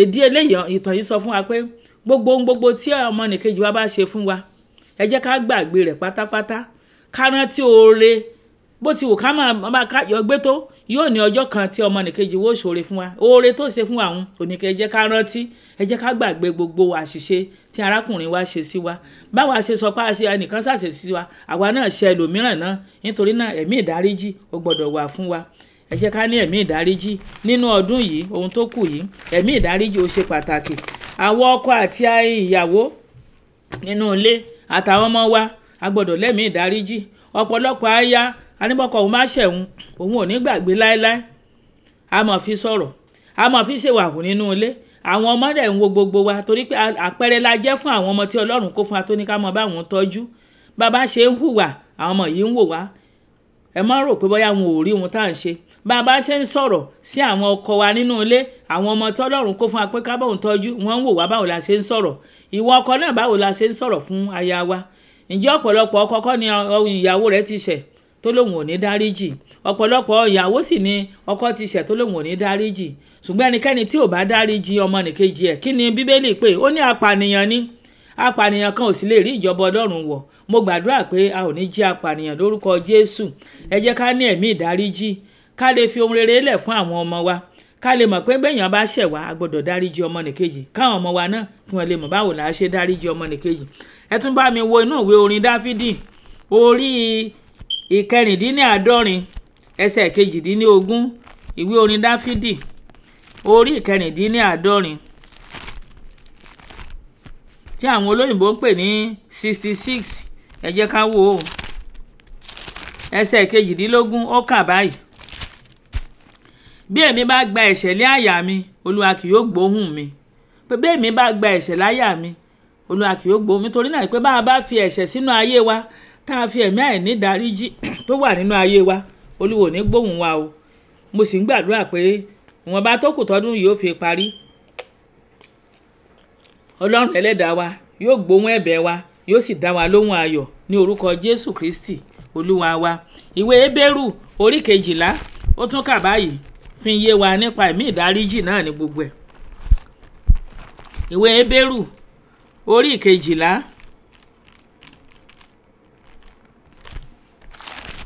èdè eléyìí ìtàn yìí sọ fún wa pé gbogbo ohun gbogbo tí ọmọnìkejì wa bá ṣe fún wa ẹ jẹ́ ká gbàgbé rẹ̀ pátápátá ká rántí oore bó ti wù ká máa yọ gbé tó yóò ní ọjọ́ kan tí ọmọnìkejì wo ṣòre fún wa oore tó ṣe fún àwọn oníkẹ́ ẹ jẹ́ ká rántí ẹ jẹ́ ká gbàgbé gbogbo àṣìṣe tí arákùnrin wa ṣe sí wa báwa ṣe sọ pé àṣe ẹnìkan ṣàṣe sí wa àwa náà ṣe ẹlòmíràn náà nítorí náà ẹ̀mí ìdáríjì ó gbọ́dọ̀ wà fún wa ẹ jẹ́ ká ní ẹ̀mí ìdáríjì nínú ọdún yìí ohun tó kù yìí ẹ̀mí ìdáríjì ó ṣe pàtàkì àwọn ọkọ àti ìyàwó nínú ilé àtàwọn ọmọ wa a gbọ́dọ̀ lẹ́mìí ìdáríjì ọ̀pọ̀lọpọ̀ aya anibọkọ òun má ṣẹ̀hún òun ò ní gbàgbé láéláé a sọ̀rọ̀ a ṣèwàhùn nínú ilé àwọn ọmọ rẹ̀ ń wo gbogbo wa torí pé àpẹẹrẹ la jẹ́ fún àwọn ọmọ tí ọlọ́run kó fún wa tó ní ká mọ báwọn tọ́jú bàbá ṣe ń hùwà àwọn ọmọ yìí ń wò wá ẹ má rò pé bóyá wọn ò rí ohun tá à ń ṣe bàbá ṣe ń sọ̀rọ̀ sí àwọn ọkọ wa nínú ilé àwọn ọmọ tí ọlọ́run kó fún wa pé ká báwọn tọ́jú wọ́n ń wò wá báwo la ṣe ń sọ̀rọ̀ ìwọ ọkọ náà báwo la ṣe ń sọ̀rọ̀ fún aya wa ǹjẹ́ ọ̀pọ̀lọpọ̀ ọkọ kọ́ ni ìyàwó rẹ̀ ti ṣẹ̀ tó lóun ò ní dáríjì ọ̀pọ̀lọpọ̀ ìyàwó sì ni ọkọ ti ṣẹ̀ tó lóun ò ní dáríjì ṣùgbọ́n ẹnikẹ́ni tí ò bá dáríjì ọmọnìkejì ẹ̀ kí ni bíbélì pé ó ní apànìyàn ni apànìyàn kan ò sì lè rí ìjọba ọlọ́run wọ̀ mo gbàdúrà pé a ò ní jí apànìyàn lórúkọ jésù ẹ jẹ́ ká ní ẹ̀mí ìdáríjì ká lè fi ohun rere lẹ̀ fún àwọn ọmọ wa ká lè mọ̀ pé bẹ́ẹ̀yàn bá ṣẹ̀ wá a gbọ́dọ̀ dáríjì ọmọnìkejì káwọn ọmọ wa náà kí wọ́n lè mọ̀ báwo là ṣe dáríjì ọmọnìkejì ẹ tún bá mi wo inú ìwé orin dáfídì orí ìkẹrìndínláàádọ́rin ẹsẹ̀ kejìdínlógún ìwé orin dáfídì orí ìkẹrìndínláàádọ́rin tí àwọn olóyìnbó ń pè ní sixty six ẹ jẹ́ ká wò ó ẹsẹ̀ kejìdínlógún ó kà báyìí bí èmi bá gba ẹ̀ṣẹ̀ lé àyà mi olúwa kì yóò gbóhùn mi pé bí èmi bá gba ẹ̀ṣẹ̀ láyà mi olúwa kì yóò gbóhùn mi torí náà pé bá a bá fi ẹ̀ṣẹ̀ sínú ayé wa tá a fi ẹ̀mí àìní dáríjì tó wà nínú ayé wa olúwo ní gbóhùn wa o mo sì ń gbàdúrà pé ìwọ̀nba tó kù tọdún yìí ó fi parí ọlọ́run ẹlẹ́dàá wa yóò gbóhùn ẹ̀bẹ̀ wa yóò sì dá wa lóhùn ayọ̀ ní orúkọ jésù kristi olúwa wa ìwé ebéèrú orí kejìlá ó tún kà báyìí fi yé wa nípa ẹ̀mí ìdáríjì náà ní gbogbo ẹ̀ ìwé ebéèrú orí kejìlá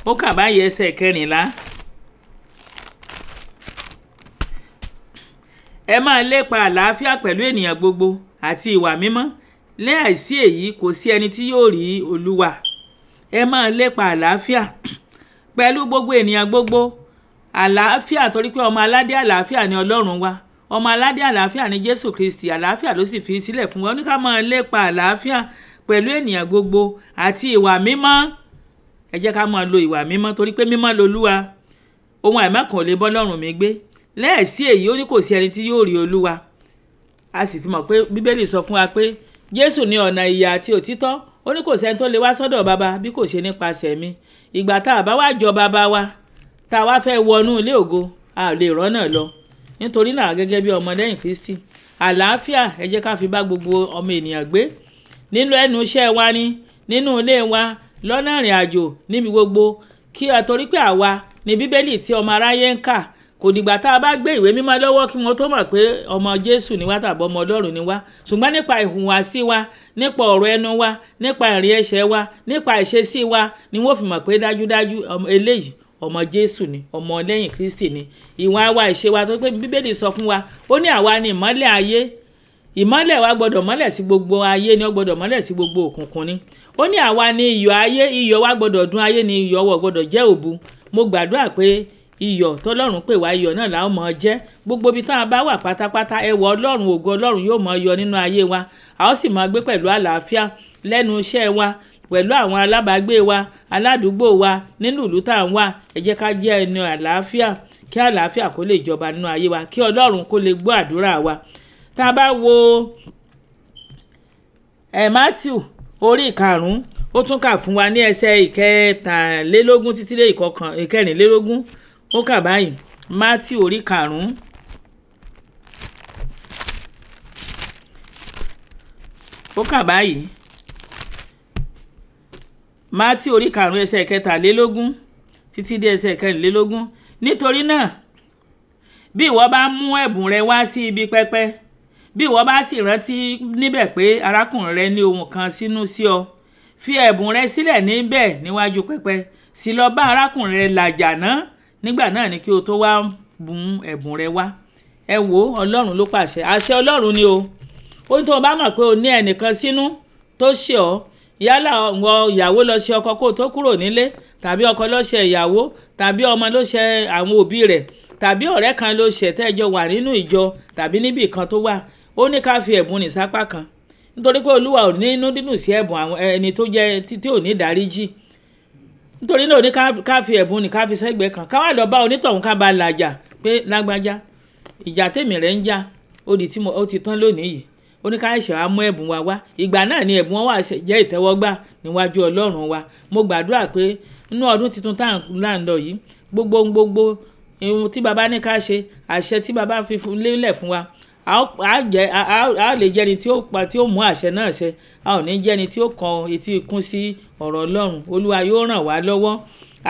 mo kà báyìí ẹsẹ̀ kẹrìnlá ẹ máa lépa àlàáfíà pẹ̀lú ènìyàn gbogbo àti ìwà mímọ́ láìsí èyí kò sí ẹni tí yóò rí olúwa ẹ máa lépa àlàáfíà pẹ̀lú gbogbo ènìyàn gbogbo àlàáfíà torí pé ọmọ aládé àlàáfíà ni ọlọ́run wa ọmọ aládé àlàáfíà ni jésù kristi àlàáfíà ló sì fi sílẹ̀ fún wa ó ní ká máa lépa àlàáfíà pẹ̀lú ènìyàn gbogbo àti ìwà mímọ́ ẹ jẹ́ ká máa lo ìwà mímọ́ torí pé mímọ́ lolúwa ohun àìmọ́kàn ò lè bọ́ lọ́rùn mi gbé lẹ́ẹ̀sí èyí ó ní kò sí ẹni tí yóò rí olúwa a sì ti mọ̀ pé bíbélì sọ fún wa pé jésù ní ọ̀nà ìyà àti òtítọ́ ó ní kò sẹ́ni tó lè wá sọ́dọ̀ bàbá bí kò ṣe nípasẹ̀ mi ìgbà tá a bá wá jọ bàbá wa tá a wá fẹ́ wọnú ilé ògo a ò lè rọ́nà lọ nítorí náà gẹ́gẹ́ bí ọmọ lẹ́yìn kristi àlàáfíà ẹ jẹ́ ká fi bá gbogbo ọmọ ènìyàn gbé nínú ẹnu iṣẹ́ wa ni nínú ilé wa lọ́nà ìrìn àjò níbi gbogbo kí a torí pé àwa ni bíbélì tí ọmọ aráyé ń kà kò dìgbà tá a bá gbé ìwé mímọ́ lọ́wọ́ kí wọ́n tó mọ̀ pé ọmọ jésù ni wá tàbí ọmọ ọlọ́run ni wá ṣùgbọ́n nípa ìhùwàsí wa nípa ọ̀rọ̀ ẹnu wa nípa ìrìn ẹsẹ̀ wa nípa ìṣesí wa ni wọ́n fi mọ̀ pé dájúdájú eléyìí ọmọ jésù ni ọmọ lẹ́yìn kristi ni ìwà wa ìṣe wa tó pé bíbélì sọ fún wa ó ní àwa ni ìmọ́lẹ̀ ayé ìmọ́lẹ̀ wa gbọ́dọ̀ mọ́lẹ̀ sí gbogbo ayé ni ó gbọ́dọ̀ mọ́lẹ̀ sí gbogbo òkùnkùn ni ó ní àwa ni iyọ̀ ayé iyọ̀ wa gbọ́dọ̀ dùn ayé ni iyọ̀ wọ̀ gbọ́dọ̀ jẹ́ òbu mo gbàdúrà pé iyọ̀ tọ́lọ́run pè wá iyọ̀ náà làwọn mọ̀ ọ́ jẹ́ gbogbo ibi táwọn bá wà pátápátá ẹwọ ọlọ́run ògo ọlọ́run yóò mọ̀ yọ nínú ayé wa a ó sì mọ̀ gbé pẹ̀lú àlàáfíà lẹ́nu iṣẹ́ wa pẹ̀lú àwọn alábàágbé wa aládùúgbò wa nínú ìlú tá à ń wà ẹ jẹ́ ká jẹ́ ẹni àlàáfíà kí àlàáfíà kó lè jọba nínú ayé wa kí ọlọ́run kó lè gbọ́ àdúrà wa tá a bá wo ẹ̀ eh, Matthew orí ìkarùn-ún ó tún kà fún wa ní ẹsẹ̀ ìkẹtàlélógún títí dé ìkẹrìnlélógún ó kà báyìí Matthew orí ìkarùn-ún ó kà báyìí Matthew orí ìkarùn-ún ẹsẹ̀ ìkẹtàlélógún títí dé ẹsẹ̀ ìkẹrìnlélógún nítorí náà bí ìwọ bá mú ẹ̀bùn rẹ wá sí ibi pẹpẹ bí ìwọ bá sì rántí níbẹ̀ pé arákùnrin rẹ ní ohun kan sínú sí ọ fi ẹ̀bùn rẹ sílẹ̀ níbẹ̀ níwájú pẹpẹ sì lọ bá arákùnrin rẹ làjà náà nígbà náà ni kí o tó wá bùn ẹ̀bùn rẹ wá ẹ wo ọlọ́run ló pàṣẹ àṣẹ ọlọ́run ni o ó ní tó o bá mọ̀ pé o ní ẹnìkan sínú tó ṣe ọ́ yálà ọ ìyàwó lọ ṣe ọkọ kó o tó kúrò nílé tàbí ọkọ lọ ṣe ìyàwó tàbí ọmọ ló ṣe àwọn òbí rẹ̀ tàbí ọ̀rẹ́ kan ló ṣe tẹ́jọ wà nínú ìjọ tàbí níbì kan tó wà ó ní ká fi ẹ̀bùn ní sápá kan nítorí pé olúwa ò ní inú dídùn sí ẹ̀bùn àwọn ẹni tó jẹ́ tí ò ní dáríjì nítorí náà ó ní ká fi ẹ̀bùn ní ká fi sẹ́gbẹ̀ẹ́ kan káwá lọ bá onítọ̀hún ká bá làjà pé lágbájá ìjà tèmi rẹ̀ ń já ó di tí mo ó ti tán lónìí yìí ó ní ká ṣe wá mú ẹ̀bùn wa wá ìgbà náà ni ẹ̀bùn wọn wà jẹ́ ìtẹ́wọ́gbà níwájú ọlọ́run wa mo gbàdúrà pé inú ọdún tuntun tá à ń lọ yìí gbogbo gbogbo ohun tí baba ní ká ṣe àṣẹ tí baba fi lélẹ̀ fún wa a ó lè jẹ́ni tí ó mú àṣẹ náà ṣẹ a ò ní jẹ́ni tí ó kan etí ikún sí ọ̀rọ̀ ọlọ́run olúwa yóò ràn wá lọ́wọ́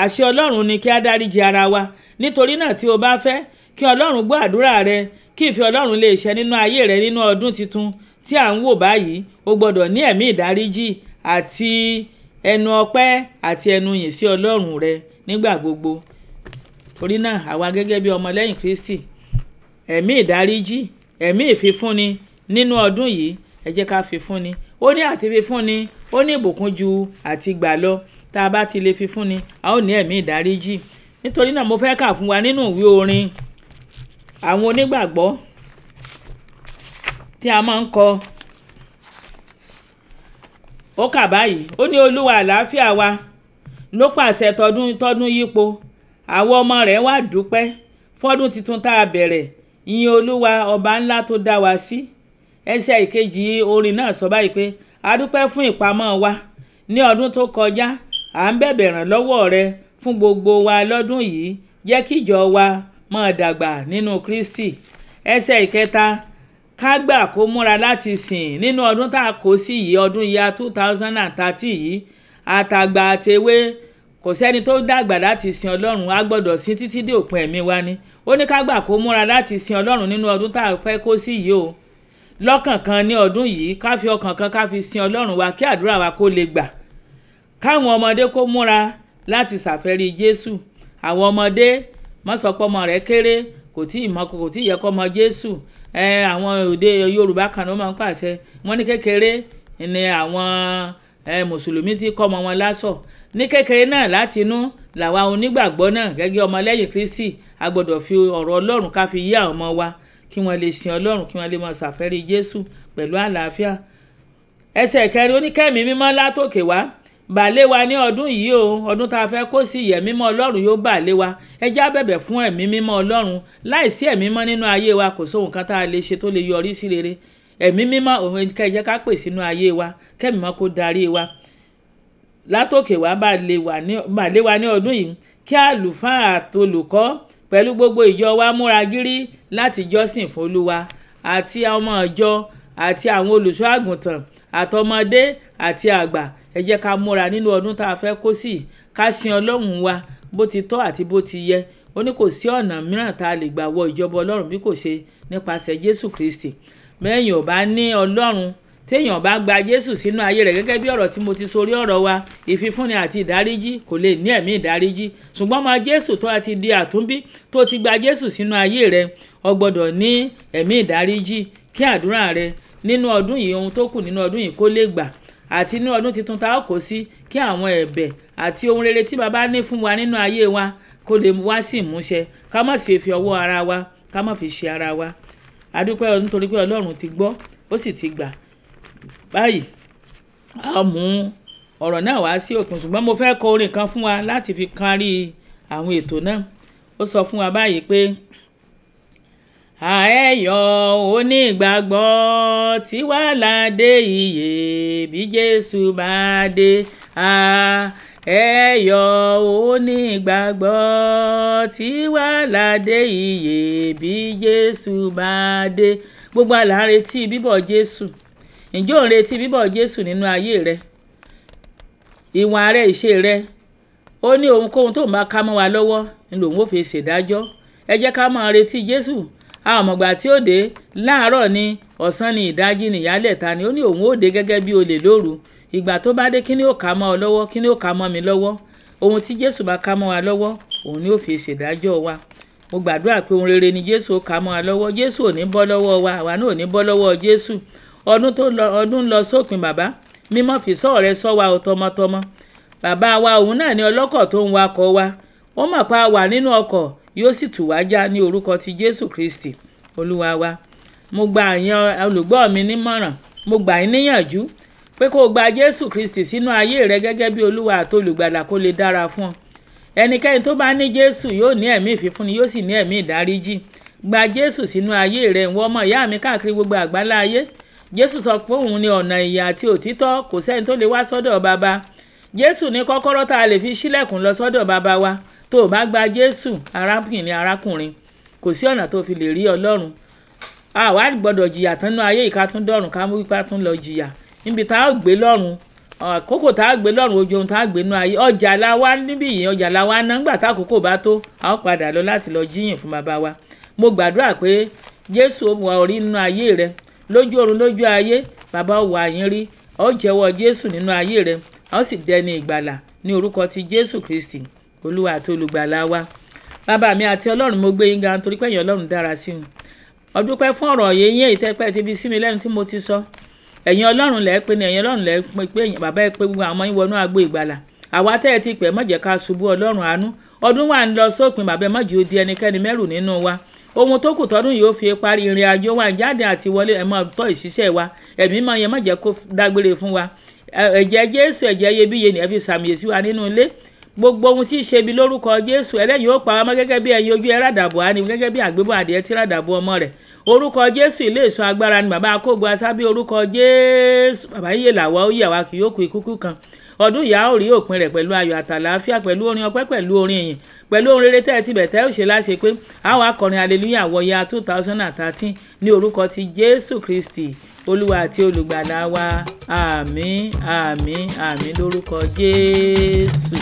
àṣẹ ọlọ́run ni kí a dáríji ara wa nítorí náà tí o bá fẹ́ kí ọlọ́run gbọ́ àdúrà rẹ kí ìfẹ́ ọlọ́run lè ṣẹ nínú ayé rẹ nínú ọdún tuntun tí à ń wò báyìí o gbọ́dọ̀ ní ẹ̀mí ìdáríjì àti ẹnu ọpẹ́ àti ẹnu yìn sí ọlọ́run rẹ nígbà gbogbo torí náà àwa gẹ́gẹ́ bí ọmọlẹ́yìn kristi ẹ̀mí ìdáríjì ẹ̀mí ìfifúnni nínú ọdún yìí ẹ jẹ́ ká fifúnni ó ní àti fifúnni ó ní ìbùkún ju àti gbà lọ tá a bá ti lè fifúnni a ó ní ẹ̀mí ìdáríjì nítorí náà mo fẹ́ kà fún wa nínú ìwé orin àwọn onígbàgbọ́ tí a máa ń kọ ó kà báyìí ó ní olúwa àlàáfíà wa ló pàṣẹ tọdún tọdún yípo àwọn ọmọ rẹ̀ wá dúpẹ́ fọ́dún tuntun tá a bẹ̀rẹ̀ ìyìn olúwa ọba ńlá tó dá wa sí ẹsẹ̀ ìkejì orin náà sọ báyìí pé a dúpẹ́ fún ìpamọ́ wa ní ọdún tó kọjá à ń bẹ̀bẹ̀ ràn rẹ fún gbogbo wa lọ́dún yìí jẹ́ kíjọ wa máa dàgbà nínú Kristi ẹsẹ̀ ìkẹta ká gbà kó múra láti sìn nínú ọdún tá a kó sí yìí ọdún yíya two thousand and thirty yìí àtàgbà àtèwe kò sẹ́ni tó dàgbà láti sin ọlọ́run a gbọ́dọ̀ sin títí dé òpin ẹ̀mí wa ni ó ní ká gbà kó múra láti sin ọlọ́run nínú ọdún tá a fẹ́ kó sí yìí o lọ́kàn kan ní ọdún yìí ká fi ọkàn kan ká fi sin ọlọ́run wa kí àdúrà wa kó lè gbà káwọn ọmọdé kó múra láti ṣàfẹ́rí jésù àwọn ọmọdé mọ́sọ̀pọ̀mọ rẹ̀ kéré kò tí ì mọ kò tí ì yẹ kọ́ mọ jésù àwọn òde yorùbá kan ló máa ń pàṣẹ wọ́n ní kékeré ni àwọn mùsùlùmí ti kọ́ ọmọ wọn lásọ̀ ní kékeré náà láti inú làwa onígbàgbọ́ náà gẹ́gẹ́ ọmọlẹ́yìn kristi a gbọ́dọ̀ fi ọ̀rọ̀ ọlọ́run ká fi yí àwọn ọmọ wa kí wọ́n lè sin ọlọ́run kí wọ́n lè máa ṣàfẹ́rí jésù pẹ̀lú àlàáfíà ẹsẹ̀ kẹrin oníkẹ́mi mímọ́ látòkè wá bàálé wa ní ọdún yìí o ọdún tá a fẹ́ kó sí ìyẹ̀ mímọ́ ọlọ́run yóò bàálé wa ẹ já bẹ̀bẹ̀ fún ẹ̀mí mímọ́ ọlọ́run láìsí ẹ̀mí mímọ́ nínú ayé wa kò sóhun kan tá a lè ṣe tó lè yọrí sí rere ẹ̀mí mímọ́ òun kẹjẹ ká pè sínú ayé wa kẹ́mi mọ́ kó darí wa látòkè wá máa lé wa ní ọdún yìí kí àlùfáà àtolùkọ́ pẹ̀lú gbogbo ìjọ wa múra gírí láti jọ́sìn fún olúwa àti ọmọ ìjọ àti àwọn olùṣọ́ àgùntàn àtọmọdé àti àgbà ẹ jẹ́ ká múra nínú ọdún tá a fẹ́ kó sí ká sin ọlọ́run wa bó ti tọ́ àti bó ti yẹ ó ní kò sí ọ̀nà mìíràn tá a lè gbà wọ ìjọba ọlọ́run bí kò ṣe nípasẹ̀ jésù kristi mẹ́yìn ò ní ọlọ́run téèyàn bá gba jésù sínú ayé rẹ̀ gẹ́gẹ́ bí ọ̀rọ̀ tí mo ti sórí ọ̀rọ̀ wa ìfifúnni àti ìdáríjì kò lè ní ẹ̀mí ìdáríjì ṣùgbọ́n ọmọ jésù tó a ti di àtúnbí tó ti gba jésù sínú ayé rẹ̀ o gbọ́dọ̀ ní ẹ̀mí ìdáríjì kí àdúrà rẹ̀ nínú ọdún yìí ohun tó kù nínú ọdún yìí kó lè gbà àti nínú ọdún tuntun tá a kò sí kí àwọn ẹ̀bẹ̀ àti ohun rere tí baba ní fún wa nínú ayé wa kó lè wá sí ìmúṣẹ ká má sì fi ọwọ́ ara wa ká má fi ṣe ara wa a dúpẹ́ nítorí pé ọlọ́run ti gbọ́ ó sì ti gbà báyìí a mú ọ̀rọ̀ náà wá sí òkun ṣùgbọ́n mo fẹ́ kọ orin kan fún wa láti fi kárí àwọn ètò náà ó sọ fún wa báyìí pé àẹ́yọ̀ onígbàgbọ́ tí wà ládé ìyè bí Jésù bá dé àẹ́yọ̀ onígbàgbọ́ tí wà ládé ìyè bí Jésù bá dé gbogbo àlàáre tí bíbọ̀ Jésù ǹjẹ́ ò ń retí bíbọ̀ jésù nínú ayé rẹ ìwọ̀n ààrẹ ìṣe rẹ ó ní ohunkóhun tó ń bá ká mọ́ wa lọ́wọ́ ni lòun ò fi ṣèdájọ́ ẹ jẹ́ ká máa retí jésù àwọn ọmọgbà tí ó dé láàárọ̀ ni ọ̀sán ni ìdájí ni ìyálẹ̀ta ni ó ní òun ó dé gẹ́gẹ́ bí olè lóru ìgbà tó bá dé kí ni ó ká mọ́ ọ lọ́wọ́ kí ni ó ká mọ́ mi lọ́wọ́ ohun tí jésù bá ká mọ́ wa lọ́wọ́ òun ni ó fi ṣèdájọ́ wa mo gbàdúrà pé ohun rere ni jésù ó ká mọ́ wa lọ́wọ́ jésù ò ní bọ́ lọ́wọ́ wa àwa náà ò ní bọ́ lọ́wọ́ jésù ọdún tó lọ ọdún ń lọ sópin bàbá mímọ́ fìsọ́ rẹ sọ wa ò tọmọtọmọ bàbá wa òun náà ni ọlọ́kọ̀ tó ń wakọ̀ wa ó mọ̀ pa wà nínú ọkọ̀ yóò sì tù wá já ní orúkọ ti jésù kristi olúwa wa mo gba àyàn olùgbọ́ mi nímọ̀ràn mo gbà yín níyànjú pé kó o gba jésù kristi sínú ayé rẹ gẹ́gẹ́ bí olúwa àtolùgbàlà kó lè dára fún ọ ẹnikẹ́ni tó bá ní jésù yóò ní ẹ̀mí ìfífúnni yóò sì ní ẹ̀mí ìdáríjì gba jésù sínú ayé rẹ ìwọ ọmọ ìyá mi káàkiri gbogbo àgbálá ayé jésù sọ pé òun ni ọ̀nà ìyà àti òtítọ́ kò sẹ́ni tó lè wá sọ́dọ̀ bàbá jésù ní kọ́kọ́rọ́ tá a lè fi ṣílẹ̀kùn lọ sọ́dọ̀ bàbá wa tó o bá gba jésù arákùnrin arákùnrin kò sí ọ̀nà tó fi lè rí ọlọ́run àwa gbọ́dọ̀ jìyà tán náà ayé ìka tún dọ̀run ká mú ipa tún lọ jìyà níbi tá a gbé lọ́run àkókò tá a gbé lọ́run ojú ohun tá a gbé nú ayé ọjà la wá níbí yìí ọjà la wá ńgbà tá àkókò bá tó a ó padà lọ láti lọ jíyìn fún bàbá wa mo gbàdúrà pé jésù ó mú nínú ayé rẹ lójú ọ̀run lójú ayé bàbá ó wá yín rí ó jẹ́wọ́ jésù nínú ayé rẹ ó sì dẹni ìgbàlà ní orúkọ ti jésù kristi olúwa àti olùgbàlà wa bàbá mi àti ọlọ́run mo gbé yín ga nítorí pé ẹ̀yin ọlọ́run dára sí mi ọdún pẹ́ fún ọ̀rọ̀ yìí yín èyí tẹ́ pẹ́ ti fi sí mi lẹ́nu tí mo ti sọ ẹ̀yin ọlọ́run lẹ́ẹ̀ pé ni ẹ̀yin ọlọ́run lẹ́ẹ̀ pé pé bàbá ẹ pé gbogbo àwọn ọmọ yín wọnú agbo ìgbàlà àwa tẹ́ ẹ ti pẹ́ má jẹ́ ká ṣubú ọlọ́run àánú ọdún wa ń lọ sópin bàbá ẹ má jẹ́ ó di ẹnikẹ́ni mẹ́rù nínú wa ohun tó kù tọdún yìí ó fi parí ìrìn àjò wa ìjáde àti wọlé ẹ máa tọ́ ìṣiṣẹ́ wa ẹ̀mí máa yẹn má jẹ́ kó dágbére fún wa ẹ̀jẹ̀ jésù ẹ̀jẹ̀ iyebíye ni ẹ fi sàmìyè sí wa nínú ilé gbogbo ohun tí í ṣe bí lórúkọ jésù ẹlẹ́yìn ó pa ọmọ gẹ́gẹ́ bí ẹyin ojú ẹ ràdàbò á ní gẹ́gẹ́ bí àgbébọ̀ adìẹ tí ràdàbò ọmọ rẹ̀ orúkọ jésù ilé ìṣọ́ agbára ni bàbá akógun asábí orúkọ jésù bàbá yìí làwa ó yà wá kì yóò kú ikú kan ọdún yìí a ó rí òpin rẹ̀ pẹ̀lú ayọ̀ àtàlàáfíà pẹ̀lú orin ọpẹ́ pẹ̀lú orin ìyìn pẹ̀lú orin rere tẹ́ ẹ ti bẹ̀tẹ́ òṣè láṣẹ pé àwọn akọrin hallelujah wọya two thousand and thirteen ní orúkọ ti jésù kristi olúwa àti olùgbàlà wa àmín àmín àmín lórúkọ jésù.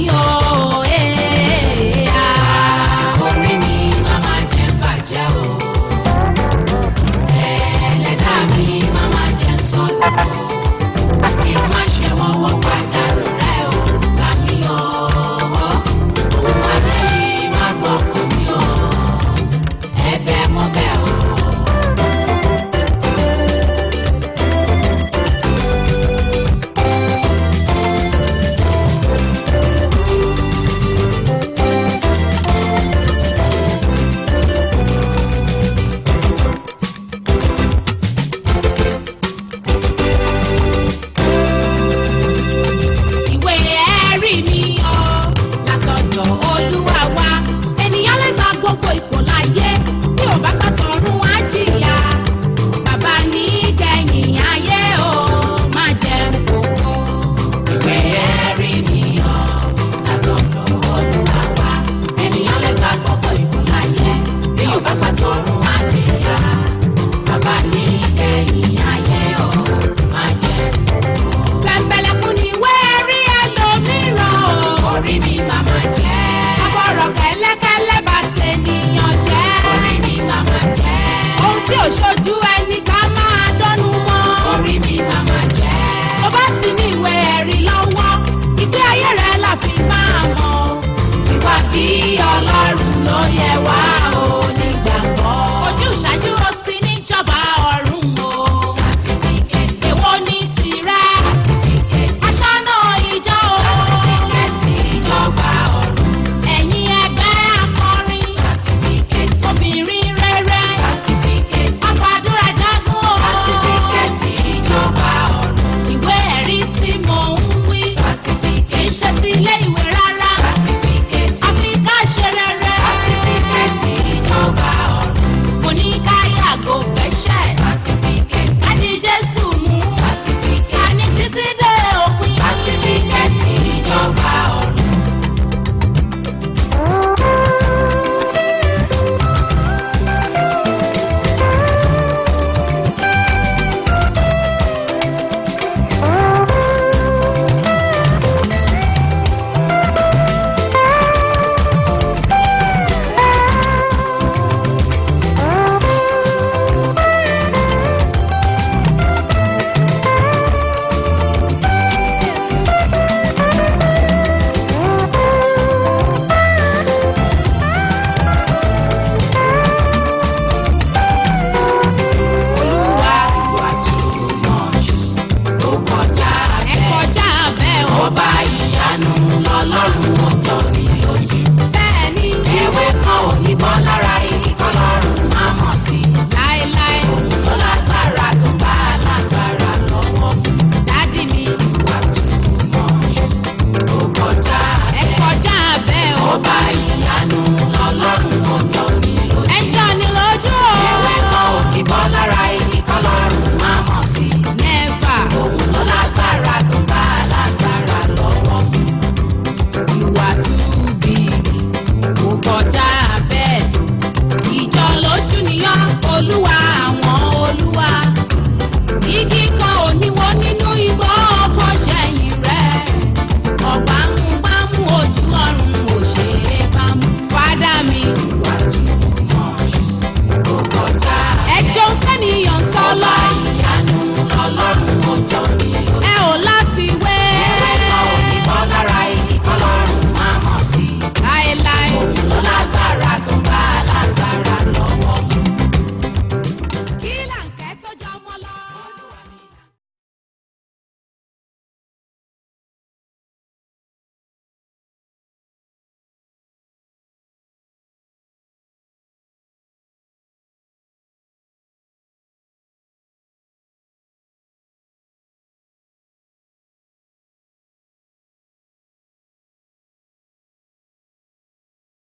mío.